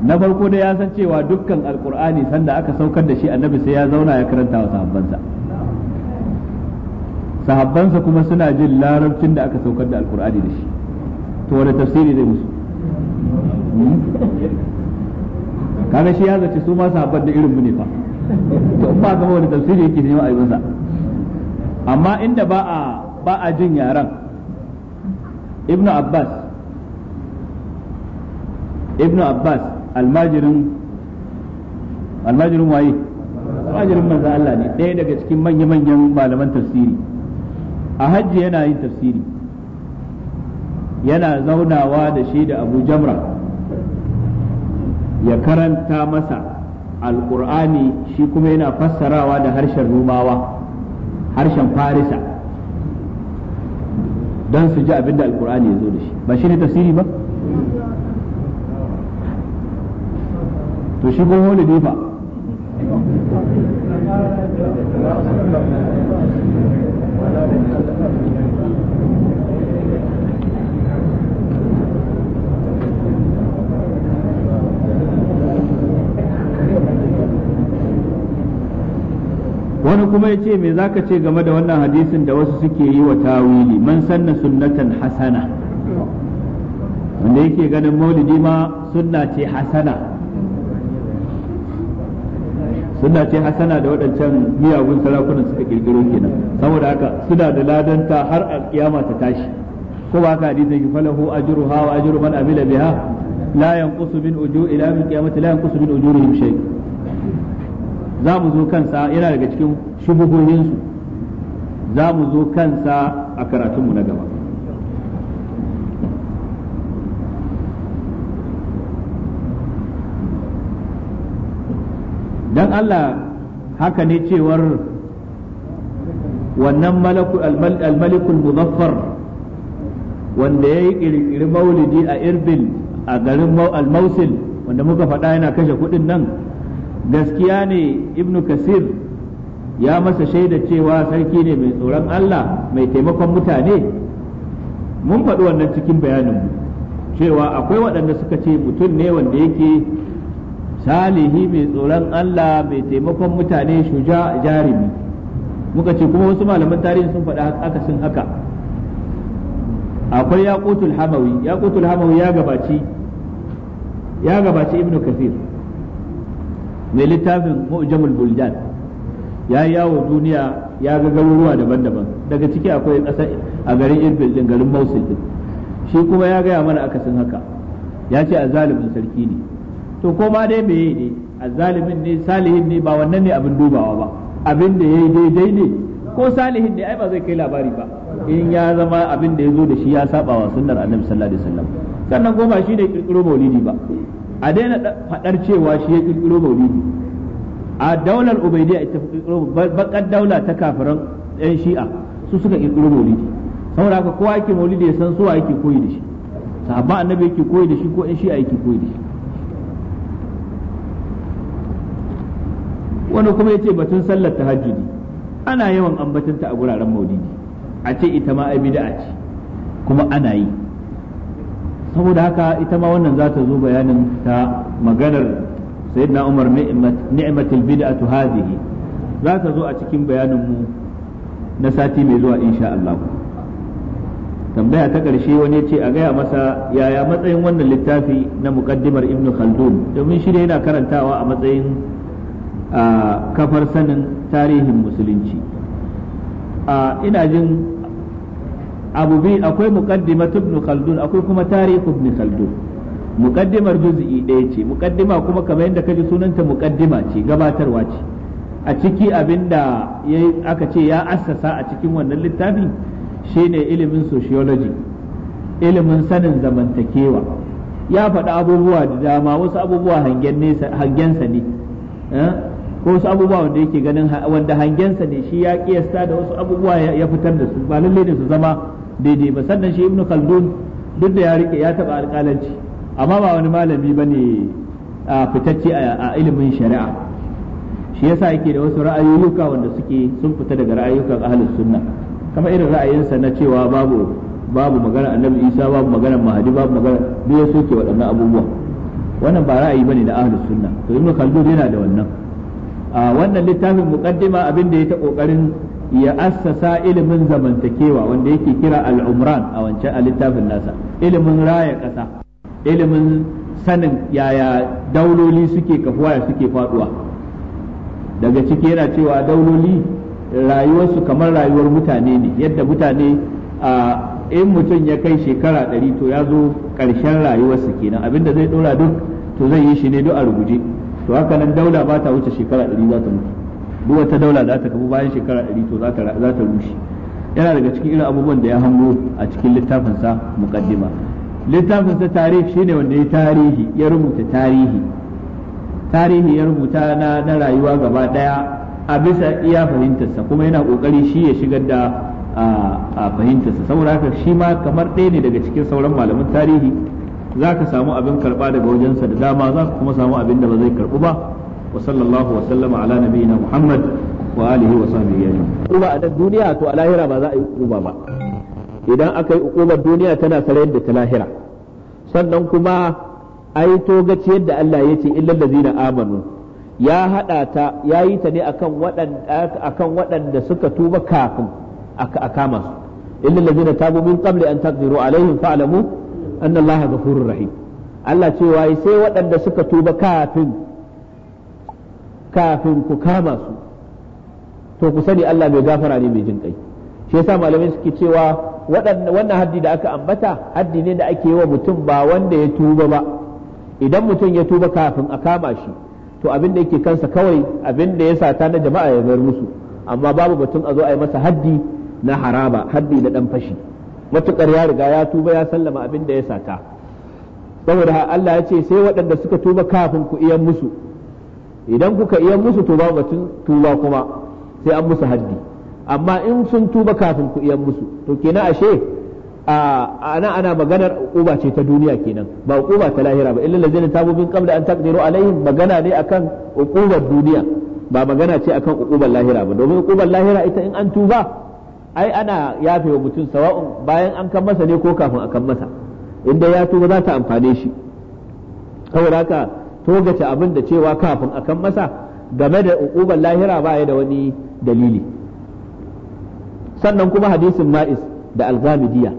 na farko dai ya san cewa dukkan alkur'ani sanda aka saukar da shi annabi sai ya zauna ya karanta wa sahabbansa sahabbansa kuma suna jin larabcin da aka saukar da alkur'ani da shi to wani tafsiri zai musu hmm? kaga shi ya zace su ma sahabban da irin mu ne fa to ba ga wani tafsiri yake ne a yanzu amma inda ba a ba a jin yaran ibnu abbas ibnu abbas almajirin almajirin waye almajirin manzo Allah ne ɗaya daga cikin manya-manyan malaman tafsiri a hajji yana yin tafsiri yana zaunawa da shi da abu jamra ya karanta masa alkur'ani shi kuma yana fassarawa da harshen rumawa harshen farisa don su ji abin da alkur'ani ya zo da shi ba shi ne tafsiri ba to shi kuma wani fa wani kuma ya ce me zaka ce game da wannan hadisin da wasu suke yi wa tawili man sanna sunnatan hasana wanda yake ganin maulidi ma sunna ce hasana suna ce hasana da waɗancan miyagun sarakunan suka ƙirƙiro kenan saboda haka suna da ladanta har a kiyama ta tashi ko ba ka hadisi ki falahu ha wa ajru man amila biha la yanqusu min uju ila min qiyamati la yanqusu min ujurihim shay za mu zo kansa yana daga cikin shubuhohin su za mu zo kansa a karatunmu na gaba dan Allah haka ne cewar wannan almalikul muzaffar wanda ya yi ƙirƙiri maulidi a irbil a garin almausil wanda muka faɗa yana kashe kuɗin nan gaskiya ne ibnu kasir ya masa shaida cewa sarki ne mai tsoron Allah mai taimakon mutane mun faɗi wannan cikin bayaninmu cewa akwai waɗanda suka ce mutum ne wanda yake salihi mai tsoron Allah mai taimakon mutane shuja jarimi muka ce kuma wasu malaman tarihi sun faɗa akasin haka akwai yaqutul hamawi yaqutul hamawi ya gabaci ya gabaci ibnu kathir mai littafin mu'jamul buldan ya yawo duniya ya ga garuruwa daban-daban daga ciki akwai ƙasa a garin irbil din garin mausul din shi kuma ya gaya mana akasin haka ya ce a zalimin sarki ne to ko ma dai meye ne azzalimin ne salihin ne ba wannan ne abin dubawa ba abin da yayi daidai ne ko salihin ne ai ba zai kai labari ba in ya zama abin da yazo da shi ya saba wa sunnar annabi sallallahu alaihi wasallam sannan goma shi ne kirkiro maulidi ba a daina fadar cewa shi ya kirkiro maulidi a daular ubaidiyya ita kirkiro bakar daula ta kafiran yan shi'a su suka kirkiro maulidi saboda haka kowa yake maulidi ya san suwa yake koyi da shi sahabba annabi yake koyi da shi ko yan shi'a yake koyi da shi wani kuma yace batun sallar tahajjudi ana yawan ambatanta a guraren maulidi a ce ita ma ai bid'a ce kuma ana yi saboda haka ita ma wannan za ta zo bayanin ta maganar sayyidina Umar ni'matul bid'atu hadhihi za ta zo a cikin bayanin mu na sati mai zuwa insha Allah tambaya ta ƙarshe wani ce a gaya masa yaya matsayin wannan littafi na muƙaddimar ibn khaldun domin shi yana karantawa a matsayin a kafar sanin tarihin musulunci a ina jin abu bi akwai muqaddimatu ibn khaldun akwai kuma tarih ibn khaldun muqaddimar juz'i ɗaya ce muqaddima kuma kamar yadda kaji sunanta muqaddima ce gabatarwa ce a ciki abinda aka ce ya assasa a cikin wannan littafin shine ilimin sociology ilimin sanin zamantakewa ya faɗi abubuwa da dama wasu abubuwa hangen hangensa ne eh? ko wasu abubuwa wanda yake ganin wanda hangensa ne shi ya kiyasta da wasu abubuwa ya fitar da su ba lalle ne su zama daidai ba sannan shi ibnu khaldun duk da ya rike ya taba alƙalanci amma ba wani malami bane a fitacce a ilimin shari'a shi yasa yake da wasu ra'ayoyuka wanda suke sun fita daga ra'ayoyukan ahlus sunna kamar irin ra'ayinsa na cewa babu babu magana annabi isa babu magana mahadi babu magana duk soke waɗannan abubuwa wannan ba ra'ayi bane da ahlus sunna to ibnu khaldun yana da wannan wannan littafin muqaddima abin da ya ta kokarin ya assasa ilimin zamantakewa wanda yake kira al-umran a wancan a littafin nasa ilimin raya kasa ilimin sanin yaya dauloli suke kafuwa ya suke faduwa daga ciki yana cewa dauloli rayuwarsu kamar rayuwar mutane ne yadda mutane a in mutum ya kai shekara ɗari to ya zo ƙarshen rayuwarsa kenan abinda zai ɗora duk to zai yi shi ne duk a rubuce to haka nan daula ba ta wuce shekara 100 za ta mutu duk wata daula za ta kafu bayan shekara 100 to za ta rushe yana daga cikin irin abubuwan da ya hango a cikin littafin sa muqaddima littafin sa tarihi shine wanda ya tarihi ya rubuta tarihi tarihi ya rubuta na na rayuwa gaba daya a bisa iya fahimtarsa kuma yana kokari shi ya shigar da a fahimtarsa saboda haka shi ma kamar ɗaya ne daga cikin sauran malaman tarihi za ka samu abin karba daga wajensa da dama za ka kuma samu abin da ba zai karbu ba wa sallallahu wa sallama ala nabiyina muhammad wa alihi wa sahbihi ajma'in uba a nan duniya to a lahira ba za a yi uba ba idan aka yi ukubar duniya tana sarayar da ta lahira sannan kuma ai to gaci yadda Allah ya ce illal ladzina amanu ya hada ta yayi ta ne akan waɗanda akan waɗanda suka tuba kafin a kama su illal ladzina tabu min qabli an taqdiru alaihim fa'lamu anna allaha ghafurur rahim Allah ce cewa sai waɗanda suka tuba kafin kafin ku kama su to ku sani Allah mai gafara ne mai jin kai shi yasa malamai suke cewa wannan haddi da aka ambata haddi ne da ake yi wa mutum ba wanda ya tuba ba idan mutum ya tuba kafin a kama shi to abin da yake kansa kawai abin da ya sata na jama'a ya bar musu amma babu batun a zo a yi masa haddi na haraba haddi na dan fashi matukar ya riga ya tuba ya sallama abin da ya sata saboda Allah ya ce sai waɗanda suka tuba kafin ku iya musu idan kuka iya musu tuba batun tuba kuma sai an musu haddi amma in sun tuba kafin ku iya musu to kenan ashe ana ana maganar uba ce ta duniya kenan ba uba ta lahira ba illal ladzina tabu min qabla an taqdiru alaihim magana ne akan uqubar duniya ba magana ce akan uqubar lahira ba domin uqubar lahira ita in an tuba ai ana yafe wa mutum sawa'un bayan an kan masa ne ko kafin a kan masa inda ya tuba za ta amfane shi saboda ka togace abin da cewa kafin a kan masa game da uqubar lahira ba ya da wani dalili sannan kuma hadisin ma'is da algamidiya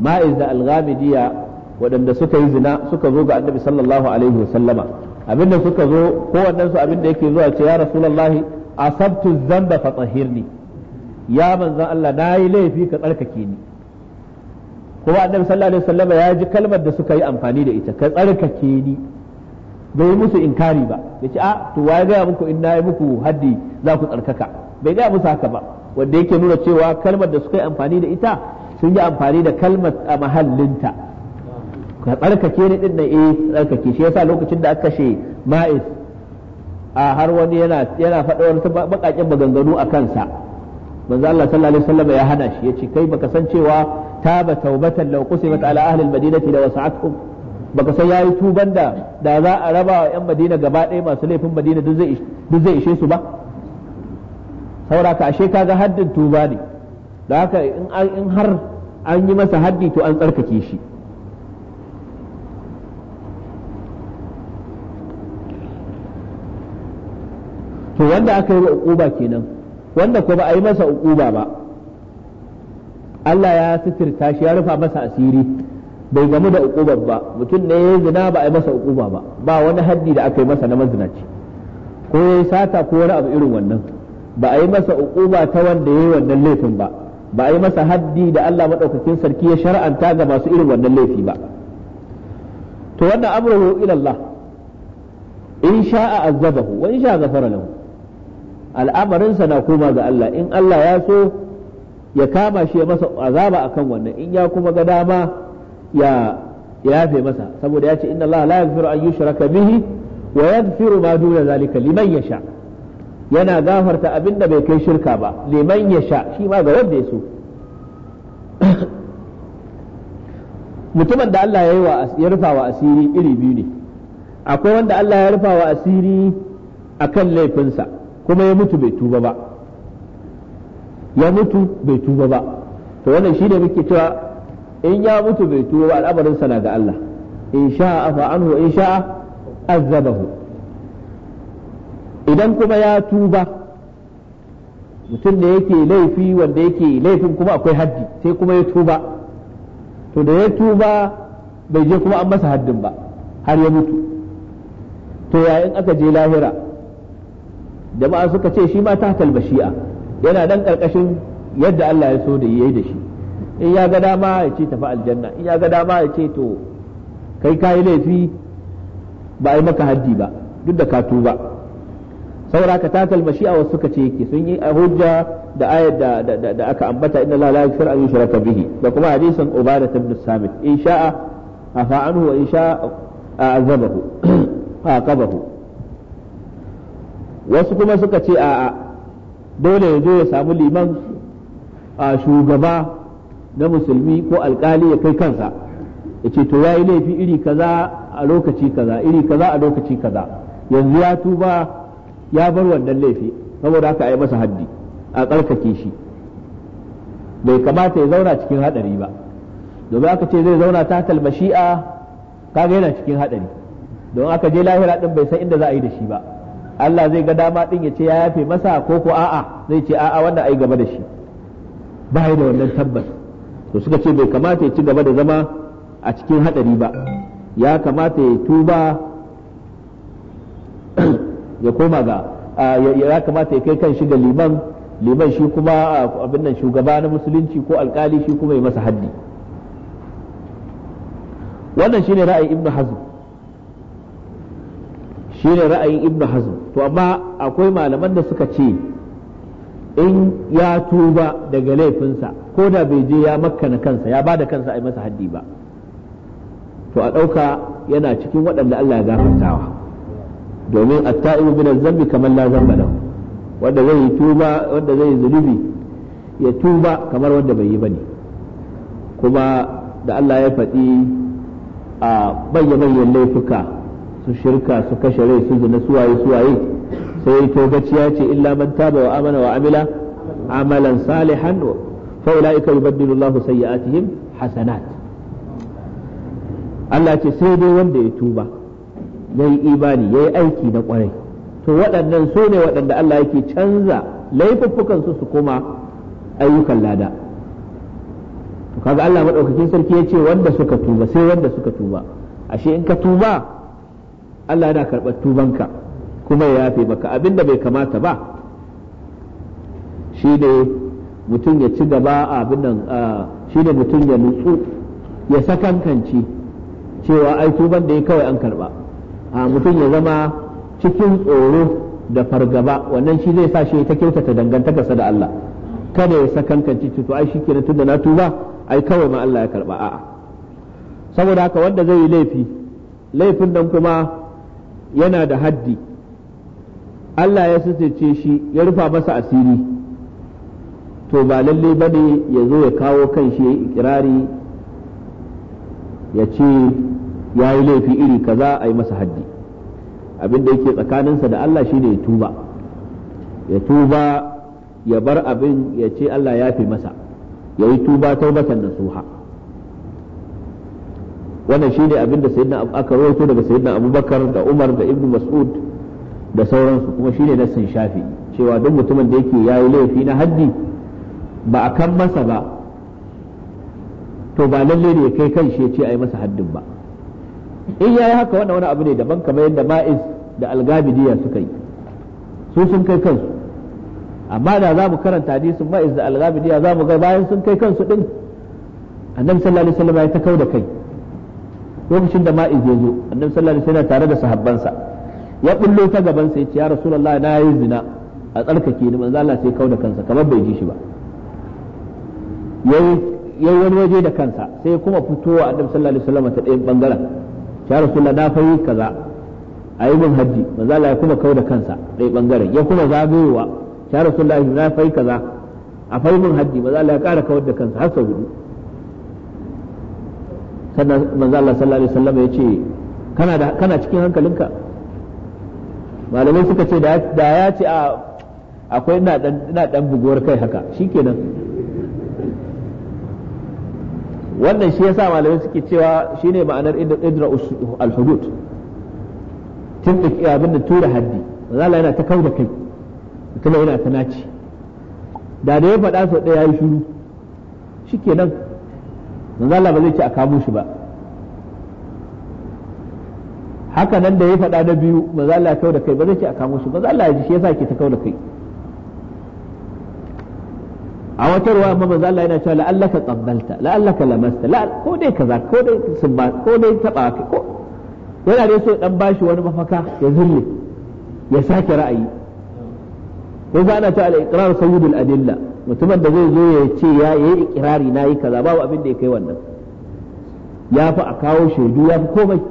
ma'iz da algamidiya waɗanda suka yi zina suka zo ga annabi sallallahu alaihi wa sallama abinda suka zo kowannensu abinda yake zuwa ce ya rasulallahi asabtu zamba tsahirni. ya manzan Allah na yi laifi ka tsarkake ni kuma annabi sallallahu alaihi wasallam ya ji kalmar da suka yi amfani da ita ka tsarkake ni bai musu inkari ba yace a ah, to waye ga muku in yi muku haddi za ku tsarkaka bai ga musu haka ba wanda yake nuna cewa kalmar da suka yi amfani da ita sun yi amfani da kalmar a mahallinta ka tsarkake ni din nan eh tsarkake shi yasa lokacin da aka kashe ma'is a har wani yana yana faɗa wani baƙaƙen maganganu a kansa manzo Allah sallallahu alaihi wasallam ya hana shi yace kai baka san cewa taba taubatan law qusimat ala ahli almadinati la wasa'atkum baka san yayi tuban da da za a raba wa yan madina gaba ɗaya masu laifin madina duk zai duk zai ishe su ba saboda ka ashe kaga haddin tuba ne da haka in har an yi masa haddi to an tsarkake shi to wanda aka yi wa uquba kenan wanda ko ba a yi masa uquba ba Allah ya sitirta shi ya rufa masa asiri bai gamu da uqubar ba mutum ne ya zina ba a yi masa uquba ba ba wani haddi da aka yi masa na mazinaci ko ya sata ko wani abu irin wannan ba a yi masa uquba ta wanda ya yi wannan laifin ba ba a yi masa haddi da Allah madaukakin sarki ya shar'anta ga masu irin wannan laifi ba to wannan amruhu ila Allah in sha'a azabahu wa in sha'a ghafara lahu al'amarinsa na koma ga Allah in Allah ya so ya kama shi ya masa azaba akan wannan in ya kuma ga dama ya yafe masa saboda ya ce inna Allah la yaghfiru an yushraka bihi wa yaghfiru ma duna zalika liman yasha yana gafarta abinda bai kai shirka ba liman yasha shi ma ga wanda ya so mutumin da Allah ya yi wa ya rufa wa asiri iri biyu ne akwai wanda Allah ya rufa wa asiri akan laifinsa kuma ya mutu bai tuba ba ya mutu bai tuba ba to wannan shine muke cewa in ya mutu bai tuba ba al'amarin sana ga Allah in sha'a afa anhu in sha'a azabahu idan kuma ya tuba mutum da yake laifi wanda yake laifin kuma akwai haddi sai kuma ya tuba to da ya tuba bai je kuma an masa haddin ba har ya mutu to yayin aka je lahira jama'a suka ce shi ma tahtal bashi'a yana dan karkashin yadda Allah ya so da yayi da shi in ya ga dama ya ce tafi aljanna in ya ga dama ya ce to kai kai laifi ba yi maka haddi ba duk da ka tuba saura ka tahtal bashi'a wasu suka ce yake sun yi hujja da ayar da da aka ambata inna la la yaghfir an yushraka bihi da kuma hadisin ubadah ibn samit in sha'a afa anhu wa in sha'a azabahu aqabahu wasu kuma suka ce a'a dole ya zo ya samu liman a shugaba na musulmi ko alkali ya kai kansa ya ce to ya yi laifi iri kaza a lokaci kaza iri kaza a lokaci kaza yanzu ya tuba ya bar wannan laifi saboda haka a yi masa haddi a tsarkake shi bai kamata ya zauna cikin hadari ba domin aka ce zai zauna ta talmashi'a kaga yana cikin hadari don aka je lahira din bai san inda za a yi da shi ba Allah zai ga dama din ya ce ya yafe masa ko ko a'a zai ce a'a wannan ai gaba da shi ba da wannan tabbas to suka ce bai kamata ya ci gaba da zama a cikin hadari ba ya kamata ya tuba ya koma ga ya kamata ya kai kan shi ga liman liman shi kuma abin nan shugaba na musulunci ko alkali shi kuma ya masa haddi wannan shine ra'ayin ibnu hazm shine ra'ayin ibnu hazm to amma akwai malaman da suka ce in ya tuba daga laifinsa ko da bai je ya na kansa ya ba da kansa ai masa haddi ba to a ɗauka yana cikin waɗanda Allah ya gafartawa domin at-ta'ibu min zambi kamar la zamba lahu wanda zai tuba wanda zai zulubi ya tuba kamar wanda bai yi bane kuma da Allah ya faɗi a bayyana laifuka su shirka su kashe rai su zina suwaye suwaye sai to gaciya ce illa man taba wa amana wa amila amalan salihan fa ulaika yubaddilu Allahu sayyi'atihim hasanat Allah ce sai dai wanda ya tuba yayi imani yayi aiki na kwarai to waɗannan su ne waɗanda Allah yake canza laifuffukan su su koma ayyukan lada to kaga Allah madaukakin sarki ya ce wanda suka tuba sai wanda suka tuba ashe in ka tuba Allah yana karɓar tubanka kuma ya yafe maka da bai kamata ba shi ne mutum ya ci gaba a abin nan shi ne mutum ya nutsu ya sakankanci cewa ai tuban da ya kawai an karɓa a mutum ya zama cikin tsoro da fargaba wannan shi zai sa shi ta kyautata dangantakarsa da Allah kada ya sakankanci to ai shikenan tunda na tuba ai kawai ma Allah ya karba a'a saboda haka wanda zai yi laifi laifin nan kuma yana da haddi Allah ya sace shi ya rufa masa asiri to ba lalle ba ne ya zo ya kawo kan shi ya ikirari ya ce ya yi laifi iri kaza a yi masa haddi abin da yake tsakaninsa da Allah shi ne ya tuba ya tuba ya bar abin ya ce Allah ya fi masa ya yi tuba taubatan nasuha. suha wannan shine abin da sayyidina aka rawaito daga sayyidina abubakar da umar da ibnu mas'ud da sauransu kuma shine nassin shafi cewa duk mutumin da yake yayi laifi na haddi ba a kan masa ba to ba lalle ne ya kai kan shi ya ce a yi masa haddin ba in yayi haka wannan wani abu ne daban kamar yadda ma'iz da algabidiya suka yi su sun kai kansu amma da za mu karanta hadisin ma'iz da algabidiya za mu ga bayan sun kai kansu din annabi sallallahu alaihi wasallam ya ta kau da kai lokacin da ma'iz ya zo annabi sallallahu alaihi wasallam tare da sahabbansa ya bullo ta gaban sa yace ya rasulullahi na yi zina a tsarkake ni manzo Allah sai kauda kansa kamar bai ji shi ba yayi yayi wani waje da kansa sai kuma fitowa annabi sallallahu alaihi wasallam ta ɗayan bangaren ya rasulullahi na fa yi kaza a yi min hajji manzo Allah ya kuma kauda kansa ɗayan bangaren ya kuma zagayowa ya rasulullahi na fa yi kaza a fa yi min hajji manzo Allah ya ƙara kawar da kansa har sau biyu kana manzo Allah sallallahu alaihi wasallam ya ce kana da kana cikin hankalinka malamai suka ce da ya ce a akwai ina dan ina dan buguwar kai haka shikenan wannan shi yasa malamai suke cewa shine ma'anar idra al-hudud tun da abin da tura haddi manzo Allah yana ta kauda da kai kuma yana ta naci da da ya faɗa so ɗaya ya yi shiru shikenan manzo ba zai ce a kamo shi ba haka nan da ya faɗa na biyu manzo Allah ya kawo da kai ba zai ce a kamo shi manzo Allah ya ji shi yasa ke ta kawo da kai a wata ruwa amma manzo Allah yana cewa la'allaka qabbalta la'allaka lamasta ko dai kaza ko dai sumba ko dai taba kai ko yana da so dan bashi wani mafaka ya zille ya sake ra'ayi ko ana ta al-iqrar sayyidul adilla mutumin da zai zo ya ce ya yi ikirari na yi kaza babu abin da ya kai wannan ya fi a kawo shaidu ya fi komai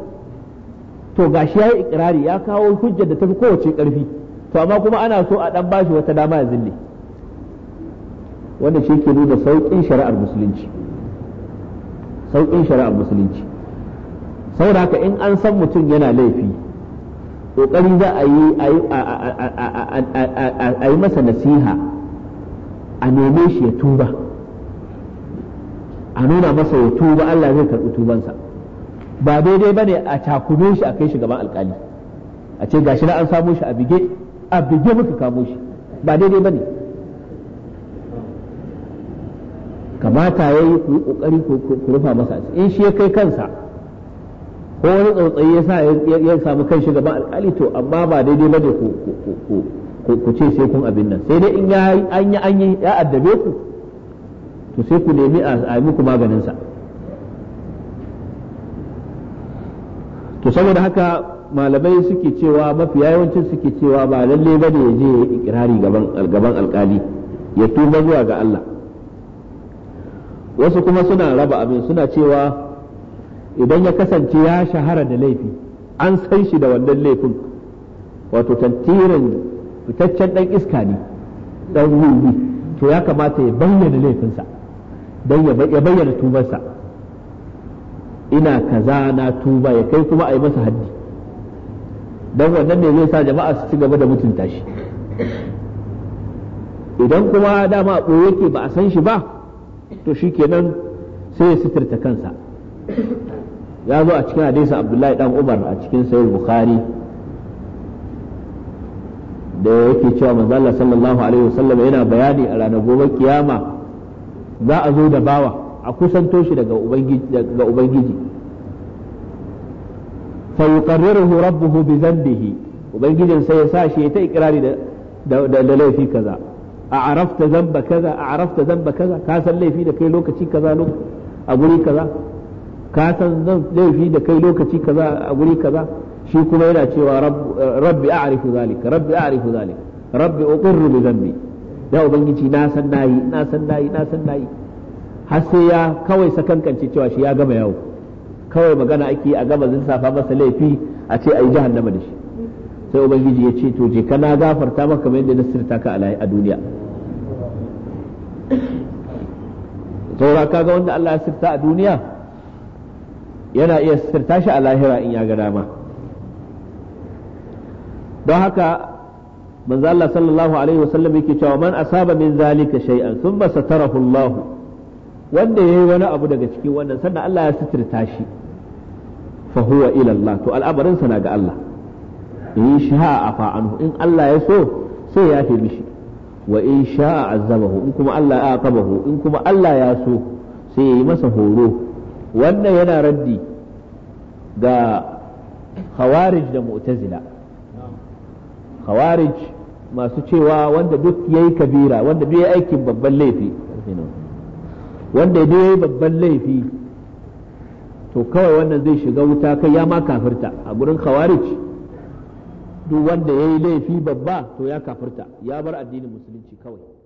to gashi ya yi ikirari ya kawo hujjar da ta fi kowace karfi to amma kuma ana so a dan bashi wata dama ya zille wanda shi ke nuna sauƙin shari'ar musulunci sauƙin shari'ar musulunci saboda haka in an san mutum yana laifi kokari za a yi masa nasiha a neme shi ya tuba a nuna masa ya tuba Allah zai karɓi tubansa ba daidai ne a takume shi a kai shi gaban alkali a ce gashi na an samo shi a bige a bige muka kamo shi ba daidai ne kamata ya yi ku yi kokari ku rufa masa in shi ya kai kansa ko wani tsautsayi ya sa ya samu kan shi gaban alkali to amma ba daidai ne ku ku ce sai kun abin nan sai dai in ya an yi an yi ya addabe ku to sai ku nemi a yi muku maganin sa to saboda haka malamai suke cewa mafi yawancin suke cewa ba lalle ba ne ya je ya ikirari gaban gaban alkali ya tuba zuwa ga Allah wasu kuma suna raba abin suna cewa idan ya kasance ya shahara da laifi an san shi da wannan laifin wato tantirin fitaccen ɗan iska ne ɗan wuri to ya kamata ya bayyana laifinsa don ya bayyana tubarsa ina kaza na tuba ya kai kuma a yi masa haddi don wannan ne zai sa jama'a su ci gaba da mutunta shi idan kuma dama a ɓoye yake ba a san shi ba to shi kenan sai ya suturta kansa ya zo a cikin hadisin abdullahi dan umar a cikin sayar bukhari da yake cewa manzo Allah sallallahu alaihi wasallam yana bayani a ranar gobe kiyama za a zo da bawa a kusanto shi daga ubangiji daga ubangiji fa yuqarriruhu rabbuhu bi dhanbihi ubangijin sai ya sa shi ta ikrari da da laifi kaza a arafta zamba kaza a arafta zamba kaza ka san laifi da kai lokaci kaza a guri kaza ka san laifi da kai lokaci kaza a guri kaza shi kuma yana cewa eh, rabbi a a'rifu zalika rabbi a a'rifu zalika rabbi uqirru bi zambi ya ubangiji na san nayi na san nayi na san nayi har sai ya kawai sakankance cewa shi ya gama yawo kawai magana ake a gama safa masa laifi a ce a ayi jahannama da shi sai ubangiji ya ce to je kana gafarta maka kamar yadda nasirta ka a duniya saura kaga wanda Allah ya sirta a duniya yana iya sirta shi a lahira in ya ga dama don haka manzo Allah sallallahu alaihi wasallam yake cewa man asaba min zalika shay'an thumma satarahu Allah wanda yayi wani abu daga cikin wannan sannan Allah ya suturta shi fa huwa ila Allah to al'amarin sa na ga Allah in sha'a afa anhu in Allah ya so sai ya fi mishi wa in sha'a azabahu in kuma Allah ya aqabahu in kuma Allah ya so sai yayi masa horo wannan yana raddi ga khawarij da mu'tazila khawarij masu cewa wanda duk yayi kabira wanda duk yayi aikin babban laifi wanda duk yayi babban laifi to kawai wannan zai shiga wuta kai ya ma kafirta a gurin khawarij duk wanda yayi laifi babba to ya kafirta ya bar addinin musulunci kawai